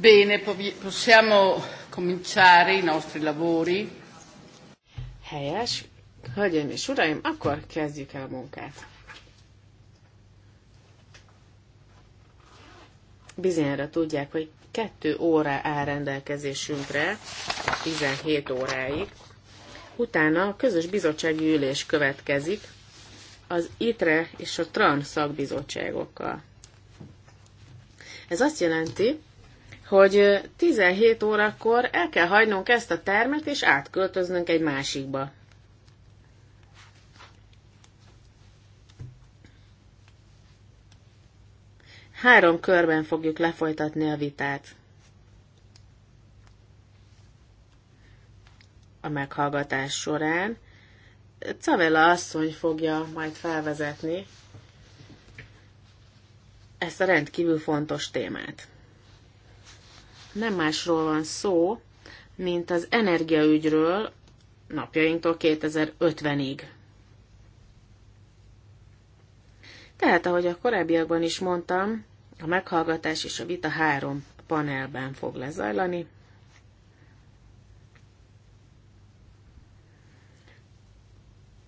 Bene, possiamo cominciare i nostri lavori. Helyes. Hölgyeim és uraim, akkor kezdjük el a munkát. Bizonyára tudják, hogy kettő óra áll rendelkezésünkre, 17 óráig. Utána a közös bizottsági ülés következik az ITRE és a TRAN szakbizottságokkal. Ez azt jelenti, hogy 17 órakor el kell hagynunk ezt a termet, és átköltöznünk egy másikba. Három körben fogjuk lefolytatni a vitát. A meghallgatás során Cavella asszony fogja majd felvezetni ezt a rendkívül fontos témát nem másról van szó, mint az energiaügyről napjainktól 2050-ig. Tehát, ahogy a korábbiakban is mondtam, a meghallgatás és a vita három panelben fog lezajlani.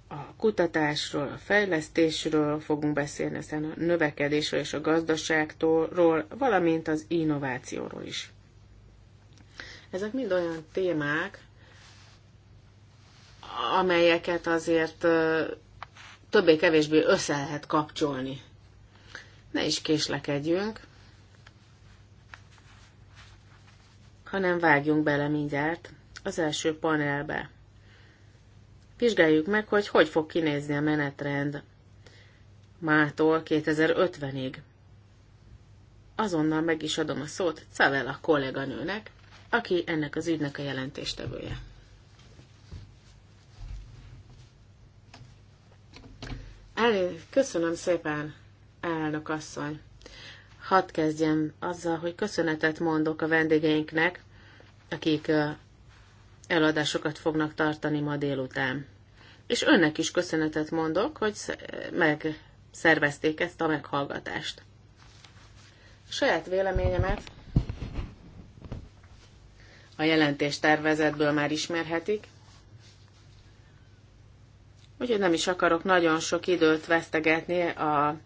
A kutatásról, a fejlesztésről fogunk beszélni, aztán a növekedésről és a gazdaságtól, valamint az innovációról is. Ezek mind olyan témák, amelyeket azért többé-kevésbé össze lehet kapcsolni. Ne is késlekedjünk, hanem vágjunk bele mindjárt az első panelbe. Vizsgáljuk meg, hogy hogy fog kinézni a menetrend mától 2050-ig. Azonnal meg is adom a szót Cavella kolléganőnek, aki ennek az ügynek a jelentéstevője. Elé, köszönöm szépen, elnök asszony. Hadd kezdjem azzal, hogy köszönetet mondok a vendégeinknek, akik eladásokat fognak tartani ma délután. És önnek is köszönetet mondok, hogy megszervezték ezt a meghallgatást. A saját véleményemet a jelentés tervezetből már ismerhetik. Úgyhogy nem is akarok nagyon sok időt vesztegetni a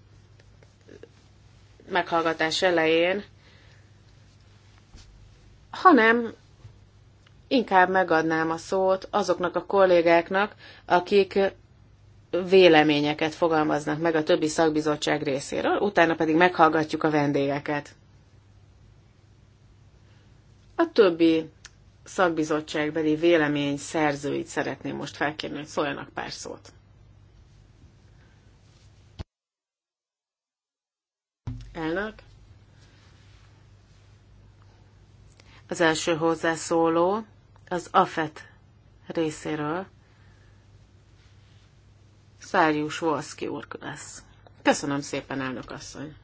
meghallgatás elején, hanem inkább megadnám a szót azoknak a kollégáknak, akik véleményeket fogalmaznak meg a többi szakbizottság részéről, utána pedig meghallgatjuk a vendégeket. A többi szakbizottságbeli vélemény szerzőit szeretném most felkérni, hogy szóljanak pár szót. Elnök. Az első hozzászóló az AFET részéről Szárjus Volszki úr lesz. Köszönöm szépen, elnök asszony!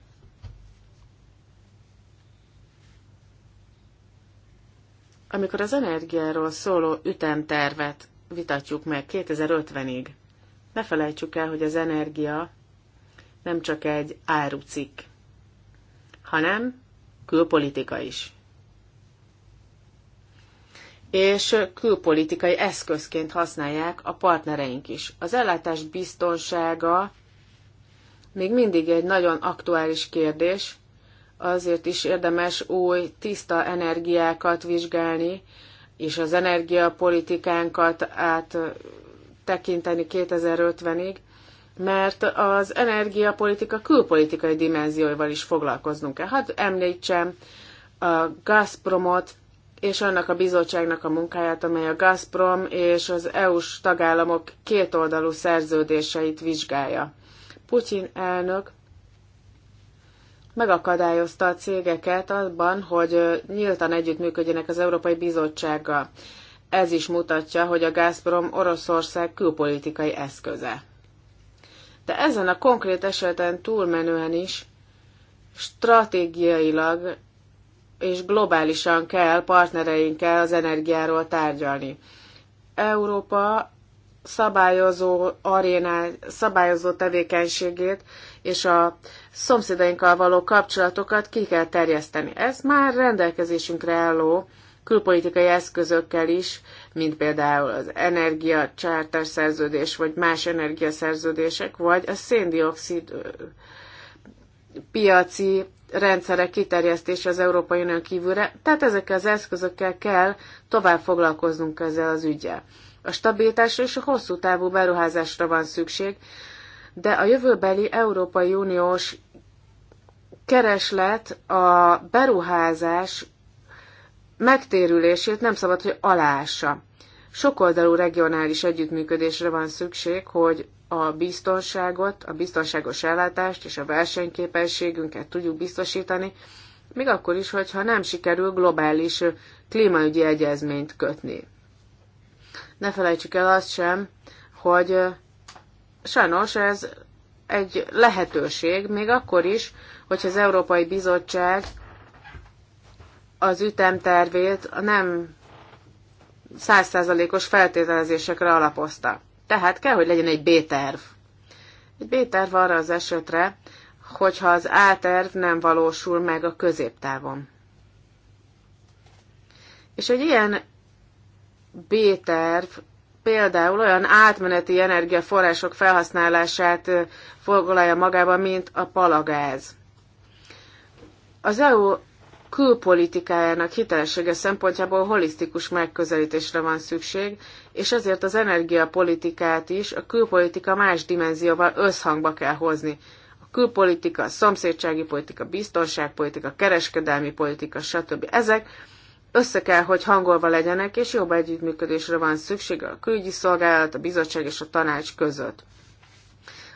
Amikor az energiáról szóló ütemtervet vitatjuk meg 2050-ig, ne felejtsük el, hogy az energia nem csak egy árucikk, hanem külpolitika is. És külpolitikai eszközként használják a partnereink is. Az ellátás biztonsága még mindig egy nagyon aktuális kérdés, azért is érdemes új, tiszta energiákat vizsgálni, és az energiapolitikánkat áttekinteni 2050-ig, mert az energiapolitika külpolitikai dimenzióival is foglalkoznunk kell. Hát említsem a Gazpromot és annak a bizottságnak a munkáját, amely a Gazprom és az EU-s tagállamok kétoldalú szerződéseit vizsgálja. Putyin elnök megakadályozta a cégeket abban, hogy nyíltan együttműködjenek az Európai Bizottsággal. Ez is mutatja, hogy a Gazprom Oroszország külpolitikai eszköze. De ezen a konkrét eseten túlmenően is stratégiailag és globálisan kell partnereinkkel az energiáról tárgyalni. Európa szabályozó arénál, szabályozó tevékenységét és a szomszédainkkal való kapcsolatokat ki kell terjeszteni. Ez már rendelkezésünkre álló külpolitikai eszközökkel is, mint például az energiacsártás szerződés, vagy más energiaszerződések, vagy a széndiokszid piaci rendszerek kiterjesztése az Európai unió kívülre, tehát ezekkel az eszközökkel kell tovább foglalkoznunk ezzel az ügyel. A stabilitásra és a hosszú távú beruházásra van szükség, de a jövőbeli Európai Uniós kereslet a beruházás megtérülését nem szabad, hogy alássa. Sokoldalú regionális együttműködésre van szükség, hogy a biztonságot, a biztonságos ellátást és a versenyképességünket tudjuk biztosítani, még akkor is, hogyha nem sikerül globális klímaügyi egyezményt kötni. Ne felejtsük el azt sem, hogy Sajnos ez egy lehetőség, még akkor is, hogyha az Európai Bizottság az ütemtervét nem százszázalékos feltételezésekre alapozta. Tehát kell, hogy legyen egy B-terv. Egy B-terv arra az esetre, hogyha az A-terv nem valósul meg a középtávon. És egy ilyen B-terv például olyan átmeneti energiaforrások felhasználását foglalja magába, mint a palagáz. Az EU külpolitikájának hitelessége szempontjából holisztikus megközelítésre van szükség, és ezért az energiapolitikát is a külpolitika más dimenzióval összhangba kell hozni. A külpolitika, a szomszédsági politika, biztonságpolitika, kereskedelmi politika, stb. Ezek össze kell, hogy hangolva legyenek, és jobb együttműködésre van szükség a külügyi szolgálat, a bizottság és a tanács között.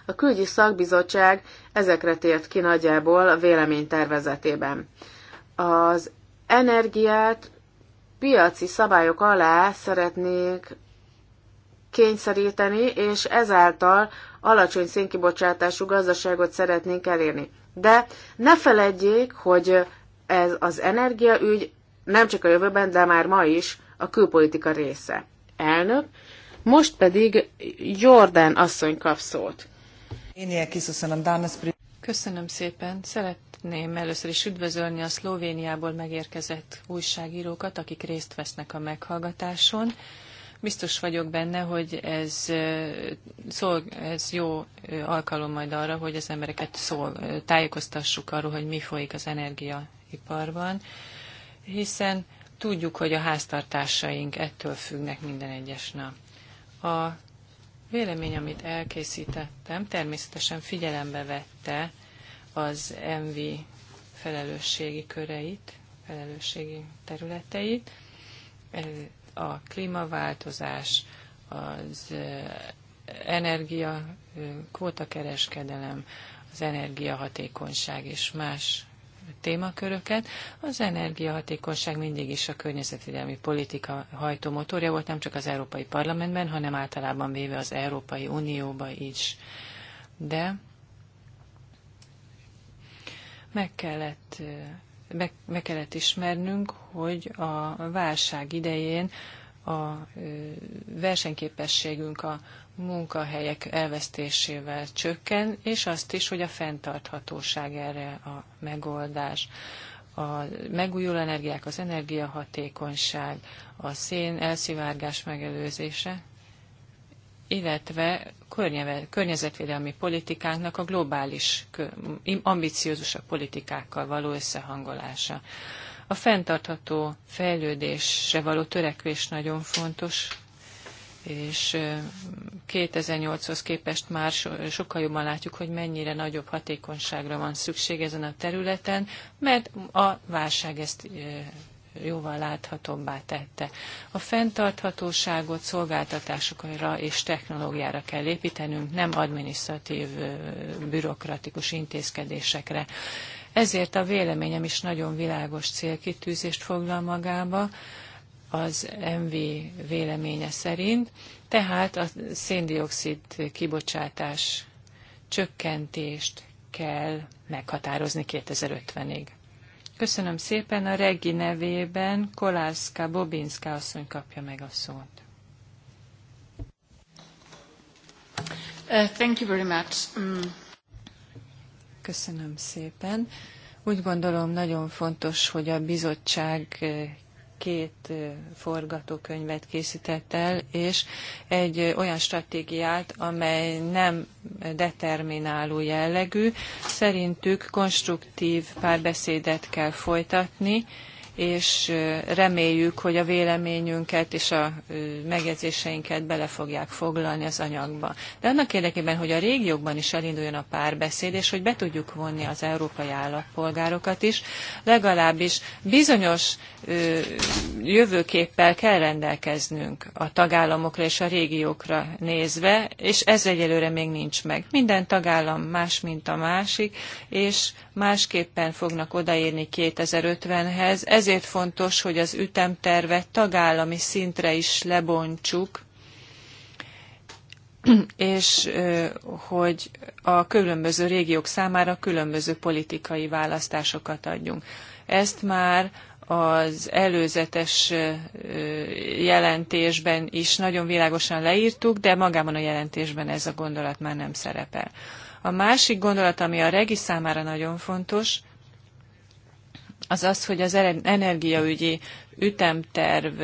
A külügyi szakbizottság ezekre tért ki nagyjából a véleménytervezetében. Az energiát piaci szabályok alá szeretnék kényszeríteni, és ezáltal alacsony szénkibocsátású gazdaságot szeretnénk elérni. De ne feledjék, hogy ez az energiaügy nem csak a jövőben, de már ma is a külpolitika része. Elnök, most pedig Jordan asszony kap szót. Köszönöm szépen. Szeretném először is üdvözölni a Szlovéniából megérkezett újságírókat, akik részt vesznek a meghallgatáson. Biztos vagyok benne, hogy ez, szol, ez jó alkalom majd arra, hogy az embereket szól, tájékoztassuk arról, hogy mi folyik az energiaiparban hiszen tudjuk, hogy a háztartásaink ettől függnek minden egyes nap. A vélemény, amit elkészítettem, természetesen figyelembe vette az MV felelősségi köreit, felelősségi területeit, a klímaváltozás, az energia, kvótakereskedelem, az energiahatékonyság és más témaköröket. Az energiahatékonyság mindig is a környezetvédelmi politika hajtó motorja volt, nem csak az Európai Parlamentben, hanem általában véve az Európai Unióba is. De meg kellett, meg, meg kellett ismernünk, hogy a válság idején a versenyképességünk, a munkahelyek elvesztésével csökken, és azt is, hogy a fenntarthatóság erre a megoldás. A megújuló energiák, az energiahatékonyság, a szén elszivárgás megelőzése, illetve környezetvédelmi politikánknak a globális, ambiciózusabb politikákkal való összehangolása. A fenntartható fejlődésre való törekvés nagyon fontos és 2008-hoz képest már sokkal jobban látjuk, hogy mennyire nagyobb hatékonyságra van szükség ezen a területen, mert a válság ezt jóval láthatóbbá tette. A fenntarthatóságot szolgáltatásokra és technológiára kell építenünk, nem administratív, bürokratikus intézkedésekre. Ezért a véleményem is nagyon világos célkitűzést foglal magába, az MV véleménye szerint, tehát a széndiokszid kibocsátás csökkentést kell meghatározni 2050-ig. Köszönöm szépen, a Regi nevében Kolászka Bobinska asszony kapja meg a szót. Uh, thank you very much. Mm. Köszönöm szépen. Úgy gondolom nagyon fontos, hogy a bizottság két forgatókönyvet készített el, és egy olyan stratégiát, amely nem determináló jellegű. Szerintük konstruktív párbeszédet kell folytatni, és reméljük, hogy a véleményünket és a megjegyzéseinket bele fogják foglalni az anyagba. De annak érdekében, hogy a régiókban is elinduljon a párbeszéd, és hogy be tudjuk vonni az európai állampolgárokat is, legalábbis bizonyos jövőképpel kell rendelkeznünk a tagállamokra és a régiókra nézve, és ez egyelőre még nincs meg. Minden tagállam más, mint a másik, és másképpen fognak odaérni 2050-hez, ezért fontos, hogy az ütemtervet tagállami szintre is lebontsuk, és hogy a különböző régiók számára különböző politikai választásokat adjunk. Ezt már az előzetes jelentésben is nagyon világosan leírtuk, de magában a jelentésben ez a gondolat már nem szerepel. A másik gondolat, ami a regi számára nagyon fontos, az az, hogy az energiaügyi ütemterv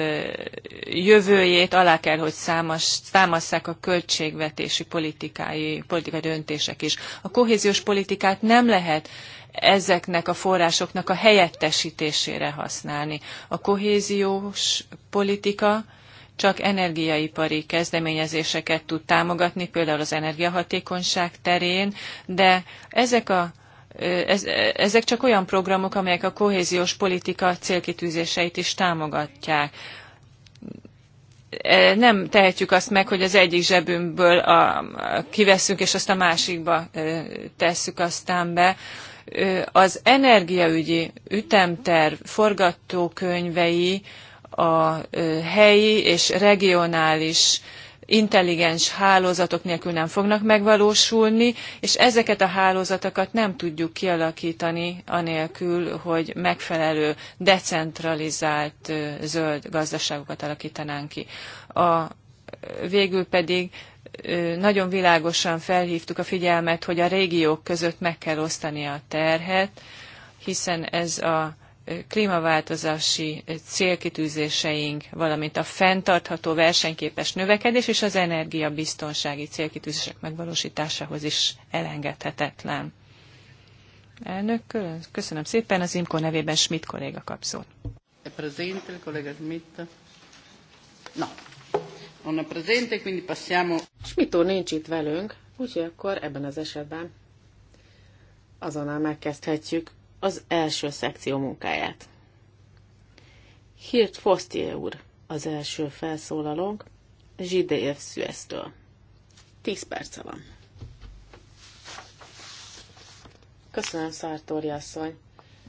jövőjét alá kell, hogy számas, támasszák a költségvetési politikai, politikai döntések is. A kohéziós politikát nem lehet ezeknek a forrásoknak a helyettesítésére használni. A kohéziós politika csak energiaipari kezdeményezéseket tud támogatni, például az energiahatékonyság terén, de ezek a ez, ezek csak olyan programok, amelyek a kohéziós politika célkitűzéseit is támogatják e, nem tehetjük azt meg, hogy az egyik zsebünkből a, kiveszünk, és azt a másikba tesszük aztán be. Az energiaügyi ütemterv forgatókönyvei a helyi és regionális intelligens hálózatok nélkül nem fognak megvalósulni, és ezeket a hálózatokat nem tudjuk kialakítani anélkül, hogy megfelelő decentralizált zöld gazdaságokat alakítanánk ki. A, végül pedig nagyon világosan felhívtuk a figyelmet, hogy a régiók között meg kell osztani a terhet, hiszen ez a klímaváltozási célkitűzéseink, valamint a fenntartható versenyképes növekedés és az energiabiztonsági célkitűzések megvalósításához is elengedhetetlen. Elnök, köszönöm szépen. Az IMKO nevében Schmidt kolléga kap szót. No, non Schmidt úr nincs itt velünk, úgyhogy akkor ebben az esetben azonnal megkezdhetjük az első szekció munkáját. Hirt Fosztier úr, az első felszólalónk, Zsidejev Szüesztől. Tíz perce van. Köszönöm, Szártóri asszony.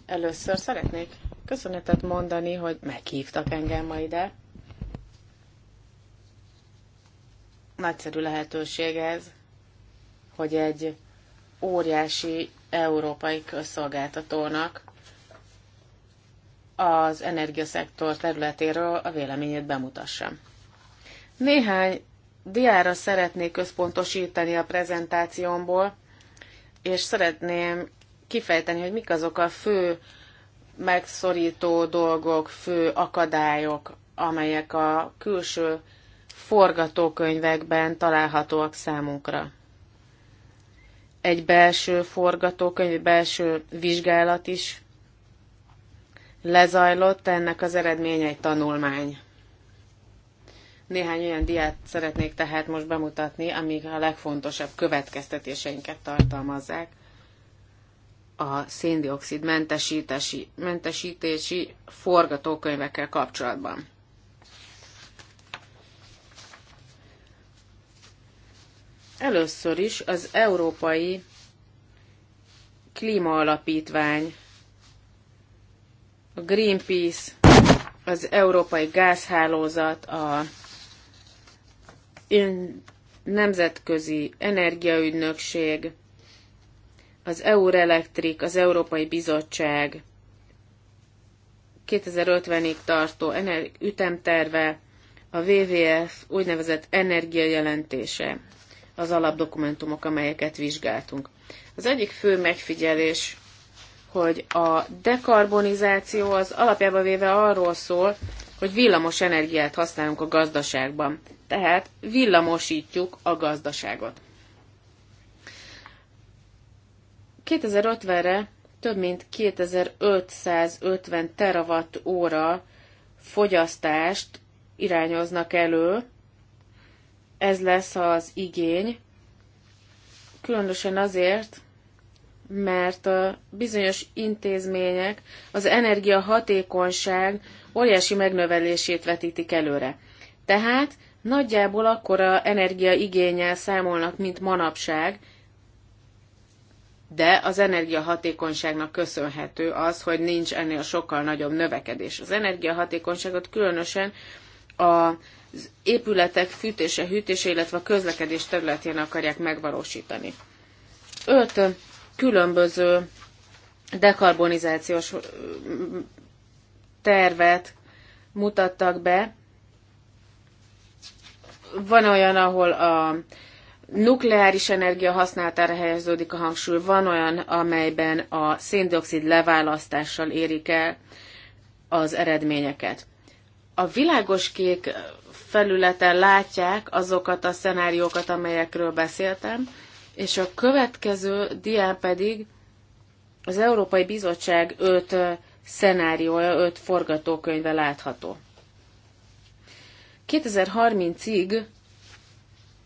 Először szeretnék köszönetet mondani, hogy meghívtak engem ma ide. Nagyszerű lehetőség ez, hogy egy óriási európai közszolgáltatónak az energiaszektor területéről a véleményét bemutassam. Néhány diára szeretnék központosítani a prezentációmból, és szeretném kifejteni, hogy mik azok a fő megszorító dolgok, fő akadályok, amelyek a külső forgatókönyvekben találhatóak számunkra egy belső forgatókönyv, egy belső vizsgálat is lezajlott, ennek az eredménye egy tanulmány. Néhány olyan diát szeretnék tehát most bemutatni, amik a legfontosabb következtetéseinket tartalmazzák a széndiokszid mentesítési, mentesítési forgatókönyvekkel kapcsolatban. Először is az Európai Klímaalapítvány, a Greenpeace, az Európai Gázhálózat, a Nemzetközi Energiaügynökség, az Eurelektrik, az Európai Bizottság 2050-ig tartó ütemterve, a WWF úgynevezett energiajelentése, az alapdokumentumok, amelyeket vizsgáltunk. Az egyik fő megfigyelés, hogy a dekarbonizáció az alapjában véve arról szól, hogy villamos energiát használunk a gazdaságban. Tehát villamosítjuk a gazdaságot. 2050-re több mint 2550 terawatt óra fogyasztást irányoznak elő, ez lesz az igény, különösen azért, mert a bizonyos intézmények az energiahatékonyság óriási megnövelését vetítik előre. Tehát nagyjából akkora energiaigényel számolnak, mint manapság, de az energiahatékonyságnak köszönhető az, hogy nincs ennél sokkal nagyobb növekedés. Az energiahatékonyságot különösen a épületek fűtése, hűtése, illetve a közlekedés területén akarják megvalósítani. Öt különböző dekarbonizációs tervet mutattak be. Van olyan, ahol a nukleáris energia használatára helyeződik a hangsúly, van olyan, amelyben a széndiokszid leválasztással érik el az eredményeket. A világos kék felületen látják azokat a szenáriókat, amelyekről beszéltem, és a következő dián pedig az Európai Bizottság öt szenáriója, öt forgatókönyve látható. 2030-ig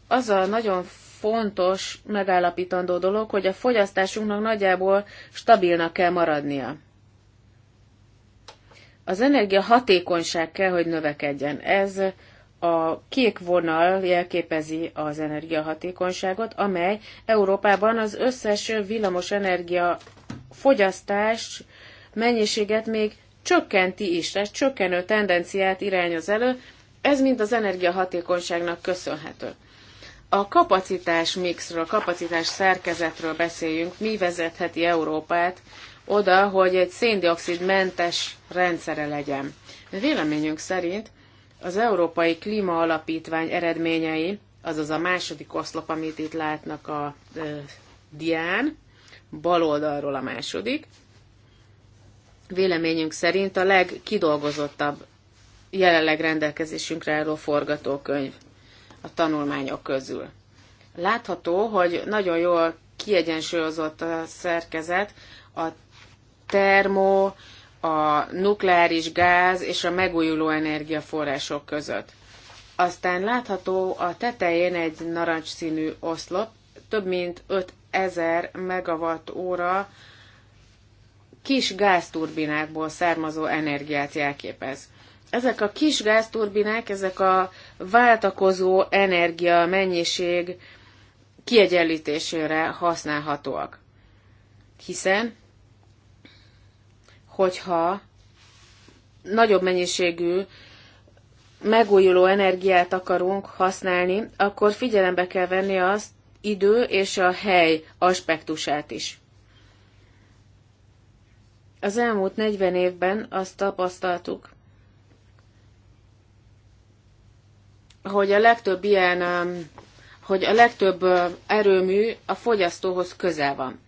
az a nagyon fontos megállapítandó dolog, hogy a fogyasztásunknak nagyjából stabilnak kell maradnia. Az energia hatékonyság kell, hogy növekedjen. Ez a kék vonal jelképezi az energiahatékonyságot, amely Európában az összes villamos energia fogyasztás mennyiséget még csökkenti is, tehát csökkenő tendenciát irányoz elő, ez mind az energiahatékonyságnak köszönhető. A kapacitás mixről, kapacitás szerkezetről beszéljünk, mi vezetheti Európát oda, hogy egy széndiokszidmentes rendszere legyen. Véleményünk szerint az Európai Klíma Alapítvány eredményei, azaz a második oszlop, amit itt látnak a e, dián, bal oldalról a második, véleményünk szerint a legkidolgozottabb jelenleg rendelkezésünkre álló forgatókönyv a tanulmányok közül. Látható, hogy nagyon jól kiegyensúlyozott a szerkezet, a termo, a nukleáris gáz és a megújuló energiaforrások között. Aztán látható a tetején egy narancsszínű oszlop, több mint 5000 megawatt óra kis gázturbinákból származó energiát jelképez. Ezek a kis gázturbinák, ezek a váltakozó energia mennyiség kiegyenlítésére használhatóak. Hiszen hogyha nagyobb mennyiségű megújuló energiát akarunk használni, akkor figyelembe kell venni az idő és a hely aspektusát is. Az elmúlt 40 évben azt tapasztaltuk, hogy a legtöbb ilyen, um, hogy a legtöbb uh, erőmű a fogyasztóhoz közel van.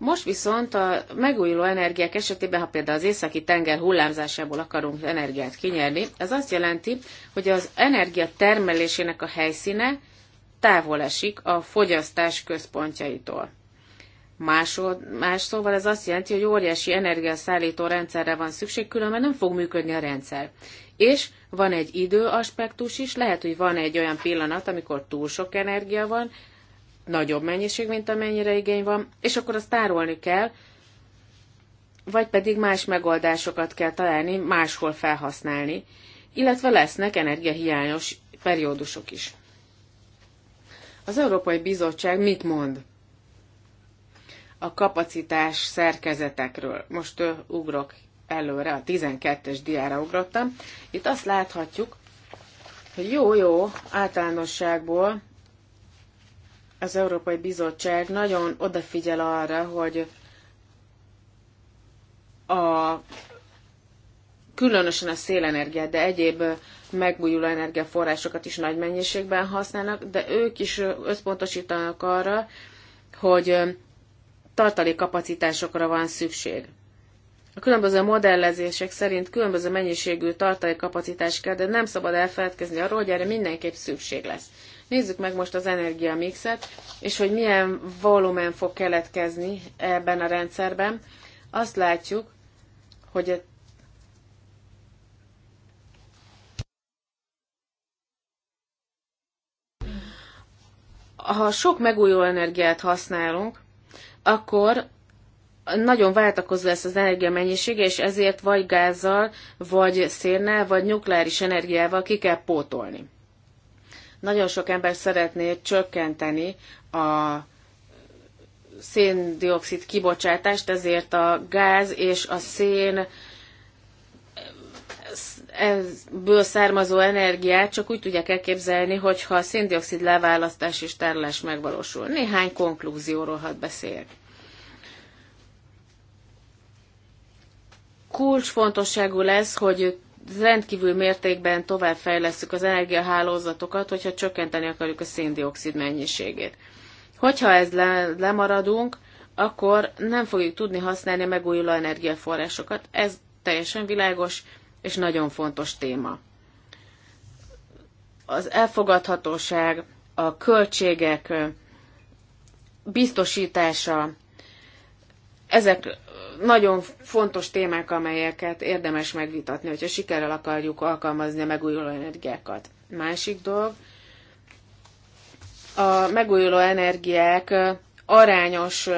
Most viszont a megújuló energiák esetében, ha például az északi tenger hullámzásából akarunk energiát kinyerni, ez azt jelenti, hogy az energia termelésének a helyszíne távol esik a fogyasztás központjaitól. Másod, más szóval ez azt jelenti, hogy óriási energiaszállító rendszerre van szükség, különben nem fog működni a rendszer. És van egy időaspektus is, lehet, hogy van egy olyan pillanat, amikor túl sok energia van, nagyobb mennyiség, mint amennyire igény van, és akkor azt tárolni kell, vagy pedig más megoldásokat kell találni, máshol felhasználni, illetve lesznek energiahiányos periódusok is. Az Európai Bizottság mit mond a kapacitás szerkezetekről? Most ugrok előre, a 12-es diára ugrottam. Itt azt láthatjuk, hogy jó-jó általánosságból az Európai Bizottság nagyon odafigyel arra, hogy a különösen a szélenergiát, de egyéb megújuló energiaforrásokat is nagy mennyiségben használnak, de ők is összpontosítanak arra, hogy tartalékkapacitásokra van szükség. A különböző modellezések szerint különböző mennyiségű tartalékkapacitás kell, de nem szabad elfeledkezni arról, hogy erre mindenképp szükség lesz. Nézzük meg most az energiamixet, és hogy milyen volumen fog keletkezni ebben a rendszerben. Azt látjuk, hogy a ha sok megújuló energiát használunk, akkor nagyon váltakozó lesz az energia mennyisége, és ezért vagy gázzal, vagy szérnel, vagy nukleáris energiával ki kell pótolni. Nagyon sok ember szeretné csökkenteni a széndiokszid kibocsátást, ezért a gáz és a szén ebből származó energiát csak úgy tudják elképzelni, hogyha a széndiokszid leválasztás és tárolás megvalósul. Néhány konklúzióról hadd beszéljek. Kulcsfontosságú lesz, hogy rendkívül mértékben továbbfejlesztjük az energiahálózatokat, hogyha csökkenteni akarjuk a széndiokszid mennyiségét. Hogyha ez le, lemaradunk, akkor nem fogjuk tudni használni a megújuló energiaforrásokat. Ez teljesen világos és nagyon fontos téma. Az elfogadhatóság, a költségek biztosítása, ezek nagyon fontos témák, amelyeket érdemes megvitatni, hogyha sikerrel akarjuk alkalmazni a megújuló energiákat. Másik dolog, a megújuló energiák arányos,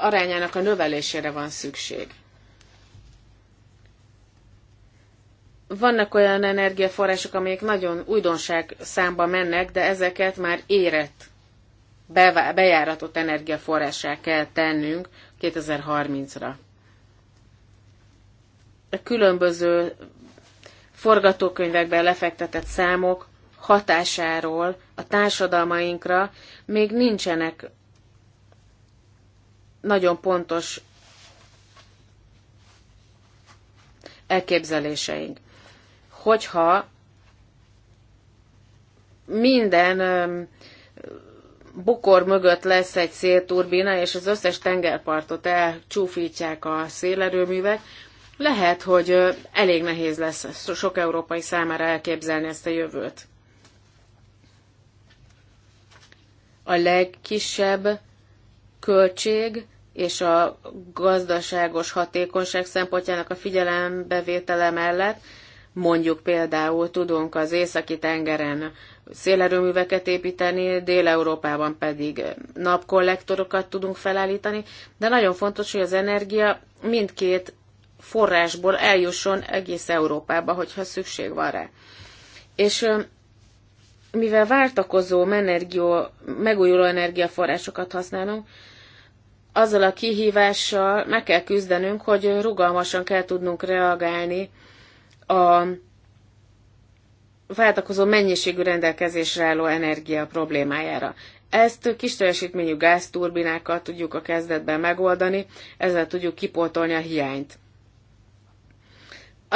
arányának a növelésére van szükség. Vannak olyan energiaforrások, amelyek nagyon újdonság számba mennek, de ezeket már érett, bejáratott energiaforrásá kell tennünk 2030-ra különböző forgatókönyvekben lefektetett számok hatásáról a társadalmainkra még nincsenek nagyon pontos elképzeléseink. Hogyha minden bukor mögött lesz egy szélturbina, és az összes tengerpartot elcsúfítják a szélerőművek, lehet, hogy elég nehéz lesz sok európai számára elképzelni ezt a jövőt. A legkisebb költség és a gazdaságos hatékonyság szempontjának a figyelembevétele mellett mondjuk például tudunk az északi tengeren szélerőműveket építeni, Dél-Európában pedig napkollektorokat tudunk felállítani, de nagyon fontos, hogy az energia mindkét forrásból eljusson egész Európába, hogyha szükség van rá. És mivel váltakozó energia, megújuló energiaforrásokat használunk, azzal a kihívással meg kell küzdenünk, hogy rugalmasan kell tudnunk reagálni a váltakozó mennyiségű rendelkezésre álló energia problémájára. Ezt kis teljesítményű gázturbinákkal tudjuk a kezdetben megoldani, ezzel tudjuk kipótolni a hiányt.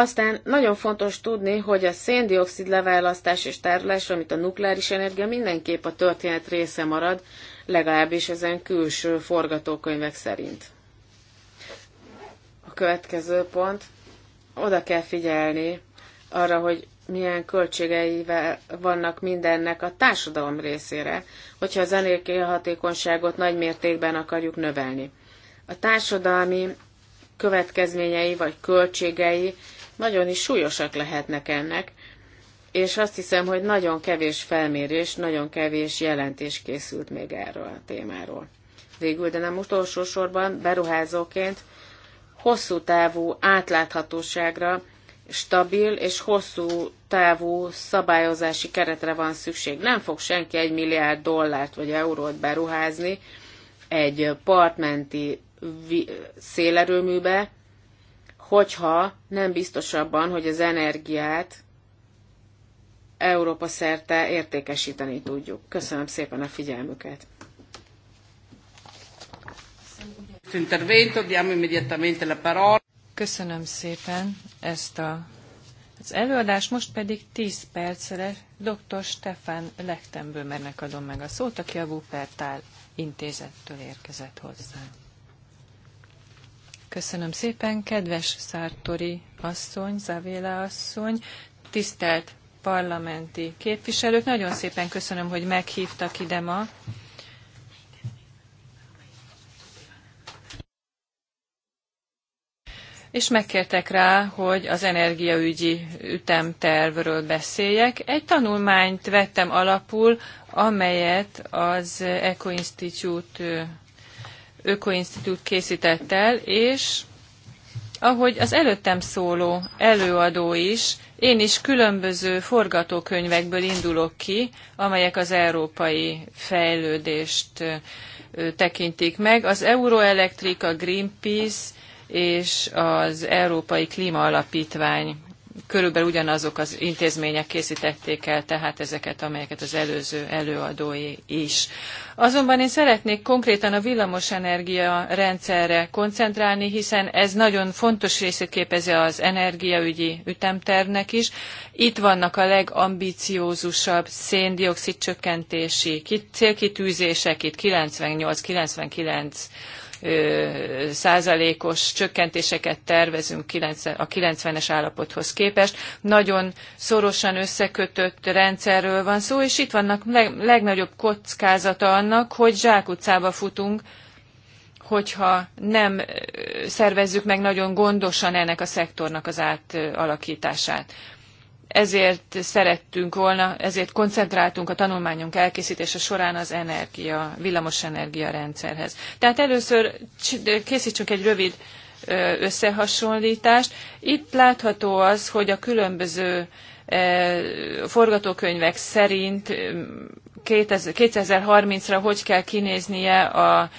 Aztán nagyon fontos tudni, hogy a széndiokszid leválasztás és tárolás, amit a nukleáris energia mindenképp a történet része marad, legalábbis ezen külső forgatókönyvek szerint. A következő pont, oda kell figyelni arra, hogy milyen költségeivel vannak mindennek a társadalom részére, hogyha az energiahatékonyságot nagy mértékben akarjuk növelni. A társadalmi következményei vagy költségei nagyon is súlyosak lehetnek ennek, és azt hiszem, hogy nagyon kevés felmérés, nagyon kevés jelentés készült még erről a témáról. Végül, de nem utolsó sorban, beruházóként hosszú távú átláthatóságra, stabil és hosszú távú szabályozási keretre van szükség. Nem fog senki egy milliárd dollárt vagy eurót beruházni egy partmenti szélerőműbe, hogyha nem biztos abban, hogy az energiát Európa szerte értékesíteni tudjuk. Köszönöm szépen a figyelmüket. Köszönöm szépen ezt a, az előadást, most pedig 10 percre dr. Stefan Lechtenbömernek adom meg a szót, aki a Wuppertal intézettől érkezett hozzá. Köszönöm szépen, kedves Szártori asszony, Zavéla asszony, tisztelt parlamenti képviselők, nagyon szépen köszönöm, hogy meghívtak ide ma. és megkértek rá, hogy az energiaügyi ütemtervről beszéljek. Egy tanulmányt vettem alapul, amelyet az Eco Institute Ökoinstitút készített el, és ahogy az előttem szóló előadó is, én is különböző forgatókönyvekből indulok ki, amelyek az európai fejlődést tekintik meg. Az Euroelektrik, a Greenpeace és az Európai Klíma Alapítvány körülbelül ugyanazok az intézmények készítették el, tehát ezeket, amelyeket az előző előadói is. Azonban én szeretnék konkrétan a villamosenergia rendszerre koncentrálni, hiszen ez nagyon fontos részét képezi az energiaügyi ütemtervnek is. Itt vannak a legambiciózusabb széndiokszid csökkentési célkitűzések, itt 98-99 százalékos csökkentéseket tervezünk a 90-es állapothoz képest. Nagyon szorosan összekötött rendszerről van szó, és itt vannak legnagyobb kockázata annak, hogy zsákutcába futunk, hogyha nem szervezzük meg nagyon gondosan ennek a szektornak az átalakítását ezért szerettünk volna, ezért koncentráltunk a tanulmányunk elkészítése során az energia, villamosenergia rendszerhez. Tehát először készítsünk egy rövid összehasonlítást. Itt látható az, hogy a különböző forgatókönyvek szerint 2030-ra hogy kell kinéznie a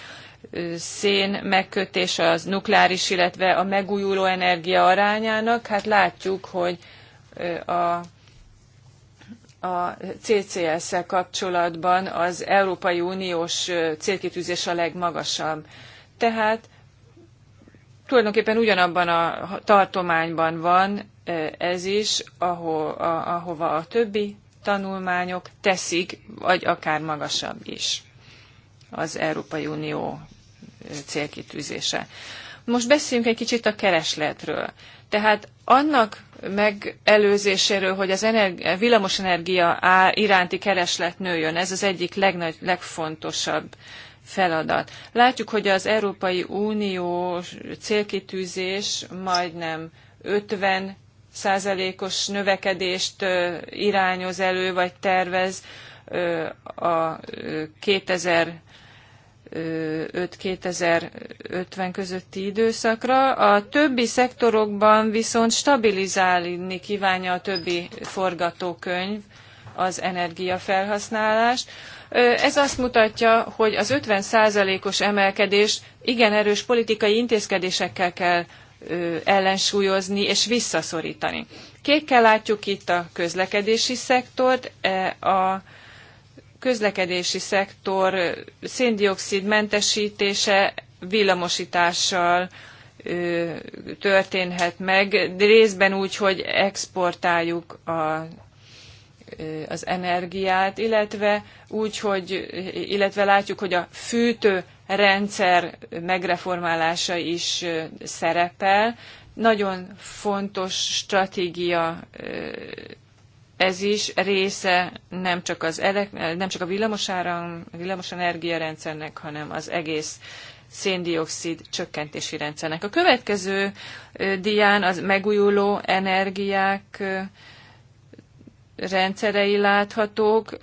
szén megkötés az nukleáris, illetve a megújuló energia arányának. Hát látjuk, hogy a a CCS-szel kapcsolatban az Európai Uniós célkitűzés a legmagasabb. Tehát tulajdonképpen ugyanabban a tartományban van ez is, ahol, a, ahova a többi tanulmányok teszik, vagy akár magasabb is az Európai Unió célkitűzése. Most beszéljünk egy kicsit a keresletről. Tehát annak megelőzéséről, hogy az energi- villamosenergia á, iránti kereslet nőjön. Ez az egyik legnagy, legfontosabb feladat. Látjuk, hogy az Európai Unió célkitűzés majdnem 50 százalékos növekedést irányoz elő, vagy tervez a 2000 2050 közötti időszakra. A többi szektorokban viszont stabilizálni kívánja a többi forgatókönyv az energiafelhasználást. Ez azt mutatja, hogy az 50%-os emelkedés igen erős politikai intézkedésekkel kell ellensúlyozni és visszaszorítani. Kékkel látjuk itt a közlekedési szektort, e, a közlekedési szektor széndiokszid mentesítése villamosítással történhet meg, de részben úgy, hogy exportáljuk a, az energiát, illetve úgy, hogy, illetve látjuk, hogy a fűtő rendszer megreformálása is szerepel. Nagyon fontos stratégia ez is része nem csak, az elek, nem csak a villamosáram, villamos villamosenergia rendszernek, hanem az egész széndiokszid csökkentési rendszernek. A következő dián az megújuló energiák rendszerei láthatók.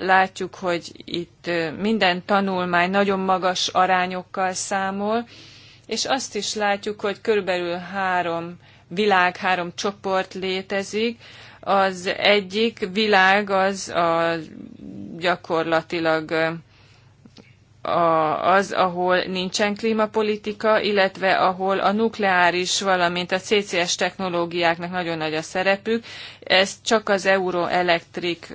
Látjuk, hogy itt minden tanulmány nagyon magas arányokkal számol, és azt is látjuk, hogy körülbelül három világ, három csoport létezik az egyik világ az a gyakorlatilag a, az, ahol nincsen klímapolitika, illetve ahol a nukleáris, valamint a CCS technológiáknak nagyon nagy a szerepük. Ezt csak az Euroelektrik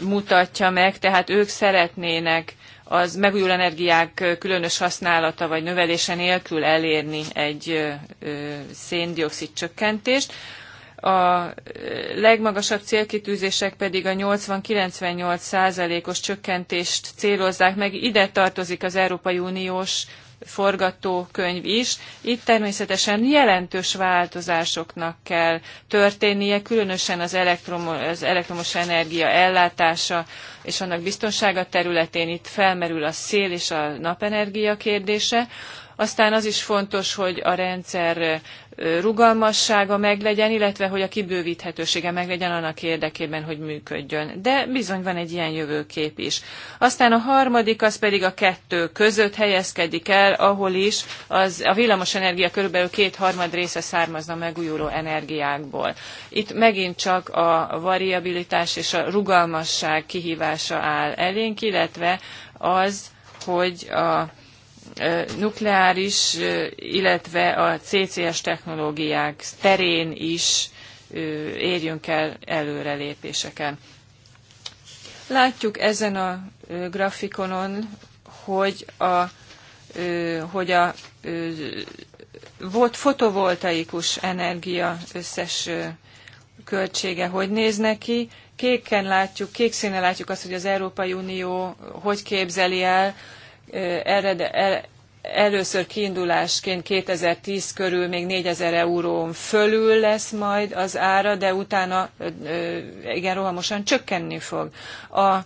mutatja meg, tehát ők szeretnének az megújuló energiák különös használata vagy növelése nélkül elérni egy széndiokszid csökkentést a legmagasabb célkitűzések pedig a 80-98 százalékos csökkentést célozzák meg. Ide tartozik az Európai Uniós forgatókönyv is. Itt természetesen jelentős változásoknak kell történnie, különösen az, elektromos, az elektromos energia ellátása és annak biztonsága területén itt felmerül a szél és a napenergia kérdése. Aztán az is fontos, hogy a rendszer rugalmassága meglegyen, illetve hogy a kibővíthetősége meglegyen annak érdekében, hogy működjön. De bizony van egy ilyen jövőkép is. Aztán a harmadik, az pedig a kettő között helyezkedik el, ahol is az, a villamosenergia körülbelül kétharmad része származna megújuló energiákból. Itt megint csak a variabilitás és a rugalmasság kihívása áll elénk, illetve az, hogy a nukleáris, illetve a CCS technológiák terén is érjünk el előrelépéseken. Látjuk ezen a grafikonon, hogy a, hogy a volt fotovoltaikus energia összes költsége hogy néz neki. Kéken látjuk, kék színen látjuk azt, hogy az Európai Unió hogy képzeli el először kiindulásként 2010 körül még 4000 eurón fölül lesz majd az ára, de utána igen rohamosan csökkenni fog. A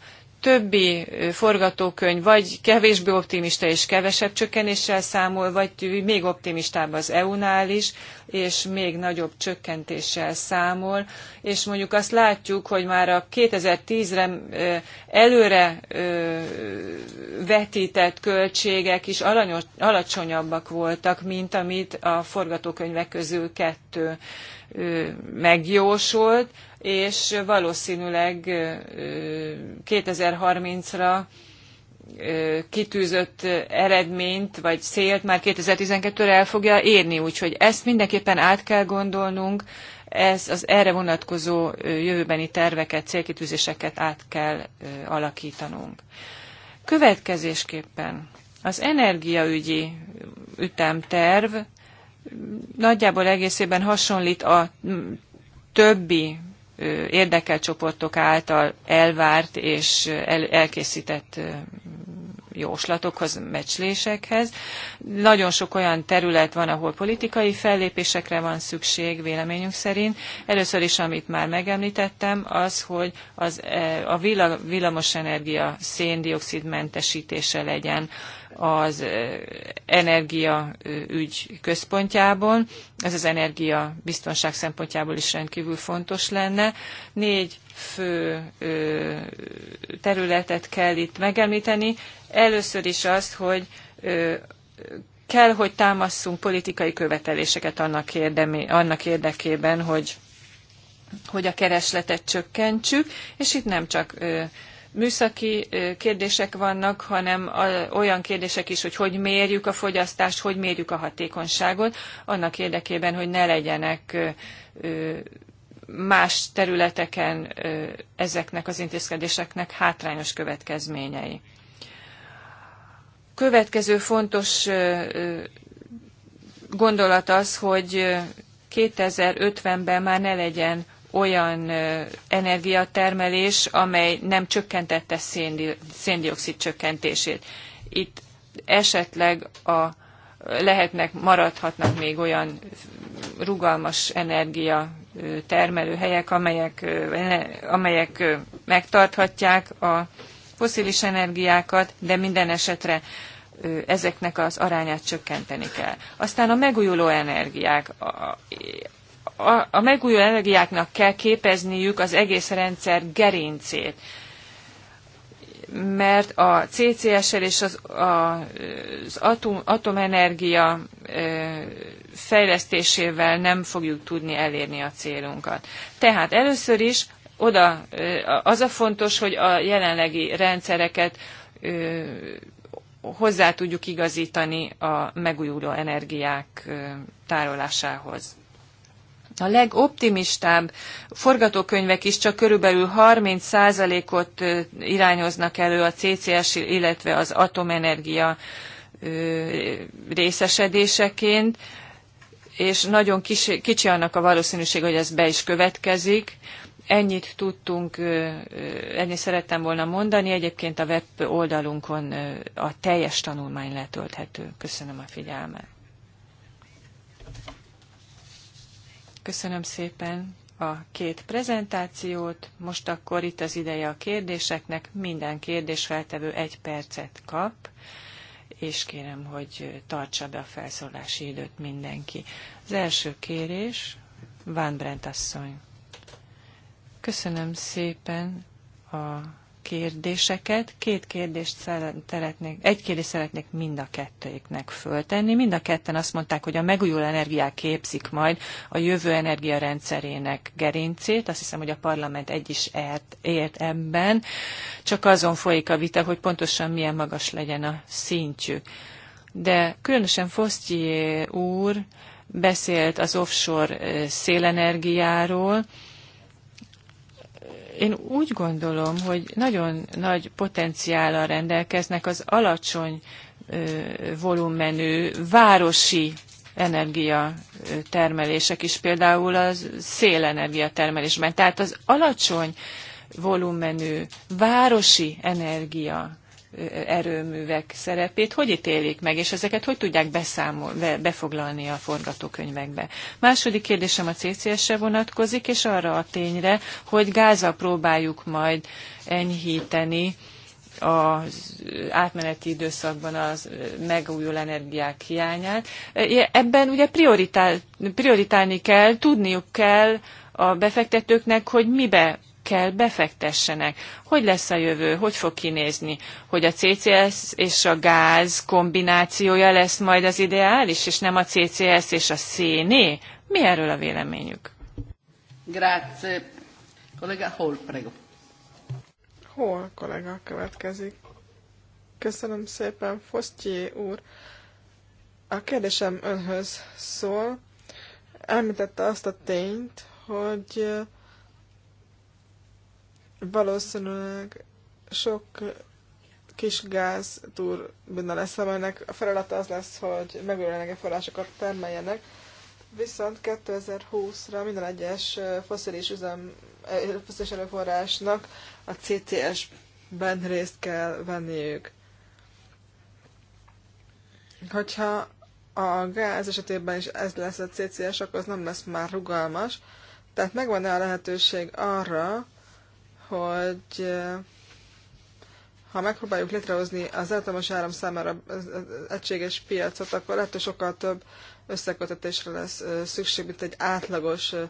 többi forgatókönyv vagy kevésbé optimista és kevesebb csökkenéssel számol, vagy még optimistább az EU-nál is, és még nagyobb csökkentéssel számol. És mondjuk azt látjuk, hogy már a 2010-re előre vetített költségek is alacsonyabbak voltak, mint amit a forgatókönyvek közül kettő megjósolt és valószínűleg 2030-ra kitűzött eredményt vagy célt már 2012-re el fogja érni, úgyhogy ezt mindenképpen át kell gondolnunk, ez az erre vonatkozó jövőbeni terveket, célkitűzéseket át kell alakítanunk. Következésképpen az energiaügyi ütemterv nagyjából egészében hasonlít a többi érdekelt csoportok által elvárt és elkészített jóslatokhoz, meccslésekhez. Nagyon sok olyan terület van, ahol politikai fellépésekre van szükség, véleményünk szerint. Először is, amit már megemlítettem, az, hogy az, e, a villamosenergia mentesítése legyen az energia ügy központjában. Ez az energia biztonság szempontjából is rendkívül fontos lenne. Négy fő területet kell itt megemlíteni. Először is azt, hogy kell, hogy támasszunk politikai követeléseket annak, érdemi, annak érdekében, hogy hogy a keresletet csökkentsük, és itt nem csak műszaki kérdések vannak, hanem olyan kérdések is, hogy hogy mérjük a fogyasztást, hogy mérjük a hatékonyságot, annak érdekében, hogy ne legyenek más területeken ezeknek az intézkedéseknek hátrányos következményei. Következő fontos gondolat az, hogy 2050-ben már ne legyen olyan energiatermelés, amely nem csökkentette széndiokszid csökkentését. Itt esetleg a, lehetnek, maradhatnak még olyan rugalmas energia termelő helyek, amelyek, amelyek megtarthatják a foszilis energiákat, de minden esetre ezeknek az arányát csökkenteni kell. Aztán a megújuló energiák, a, a megújuló energiáknak kell képezniük az egész rendszer gerincét mert a CCS-el és az, az atom, atomenergia fejlesztésével nem fogjuk tudni elérni a célunkat. Tehát először is oda az a fontos, hogy a jelenlegi rendszereket hozzá tudjuk igazítani a megújuló energiák tárolásához. A legoptimistább forgatókönyvek is csak körülbelül 30%-ot irányoznak elő a CCS, illetve az atomenergia részesedéseként, és nagyon kicsi, kicsi annak a valószínűség, hogy ez be is következik. Ennyit tudtunk, ennyit szerettem volna mondani. Egyébként a web oldalunkon a teljes tanulmány letölthető. Köszönöm a figyelmet. Köszönöm szépen a két prezentációt. Most akkor itt az ideje a kérdéseknek. Minden kérdés feltevő egy percet kap, és kérem, hogy tartsa be a felszólási időt mindenki. Az első kérés, Van Brent asszony. Köszönöm szépen a kérdéseket. Két kérdést szeretnék, egy kérdést szeretnék mind a kettőjüknek föltenni. Mind a ketten azt mondták, hogy a megújuló energiák képzik majd a jövő energiarendszerének gerincét. Azt hiszem, hogy a parlament egy is ért, ért ebben. Csak azon folyik a vita, hogy pontosan milyen magas legyen a szintjük. De különösen Fosztyi úr beszélt az offshore szélenergiáról, én úgy gondolom, hogy nagyon nagy potenciállal rendelkeznek az alacsony volumenű városi energiatermelések is, például a szélenergia termelésben. Tehát az alacsony volumenű városi energia erőművek szerepét hogy ítélik meg, és ezeket hogy tudják beszámol, be, befoglalni a forgatókönyvekbe. Második kérdésem a CCS-re vonatkozik, és arra a tényre, hogy gázzal próbáljuk majd enyhíteni az átmeneti időszakban az megújuló energiák hiányát. E, ebben ugye prioritál, prioritálni kell, tudniuk kell a befektetőknek, hogy mibe kell befektessenek. Hogy lesz a jövő, hogy fog kinézni, hogy a CCS és a gáz kombinációja lesz majd az ideális, és nem a CCS és a széné? E? Mi erről a véleményük? Grazie. Kollega Hol, prego. Hol kollega következik. Köszönöm szépen, Fosztyi úr. A kérdésem önhöz szól. Említette azt a tényt, hogy valószínűleg sok kis gáz benne lesz, amelynek a feladata az lesz, hogy megújuló forrásokat termeljenek, viszont 2020-ra minden egyes foszilis üzem, foszilis erőforrásnak a CCS-ben részt kell venniük. Hogyha a gáz esetében is ez lesz a CCS, akkor az nem lesz már rugalmas, tehát megvan-e a lehetőség arra, hogy eh, ha megpróbáljuk létrehozni az elektromos áram számára egységes piacot, akkor lehet, hogy sokkal több összekötetésre lesz eh, szükség, mint egy átlagos eh,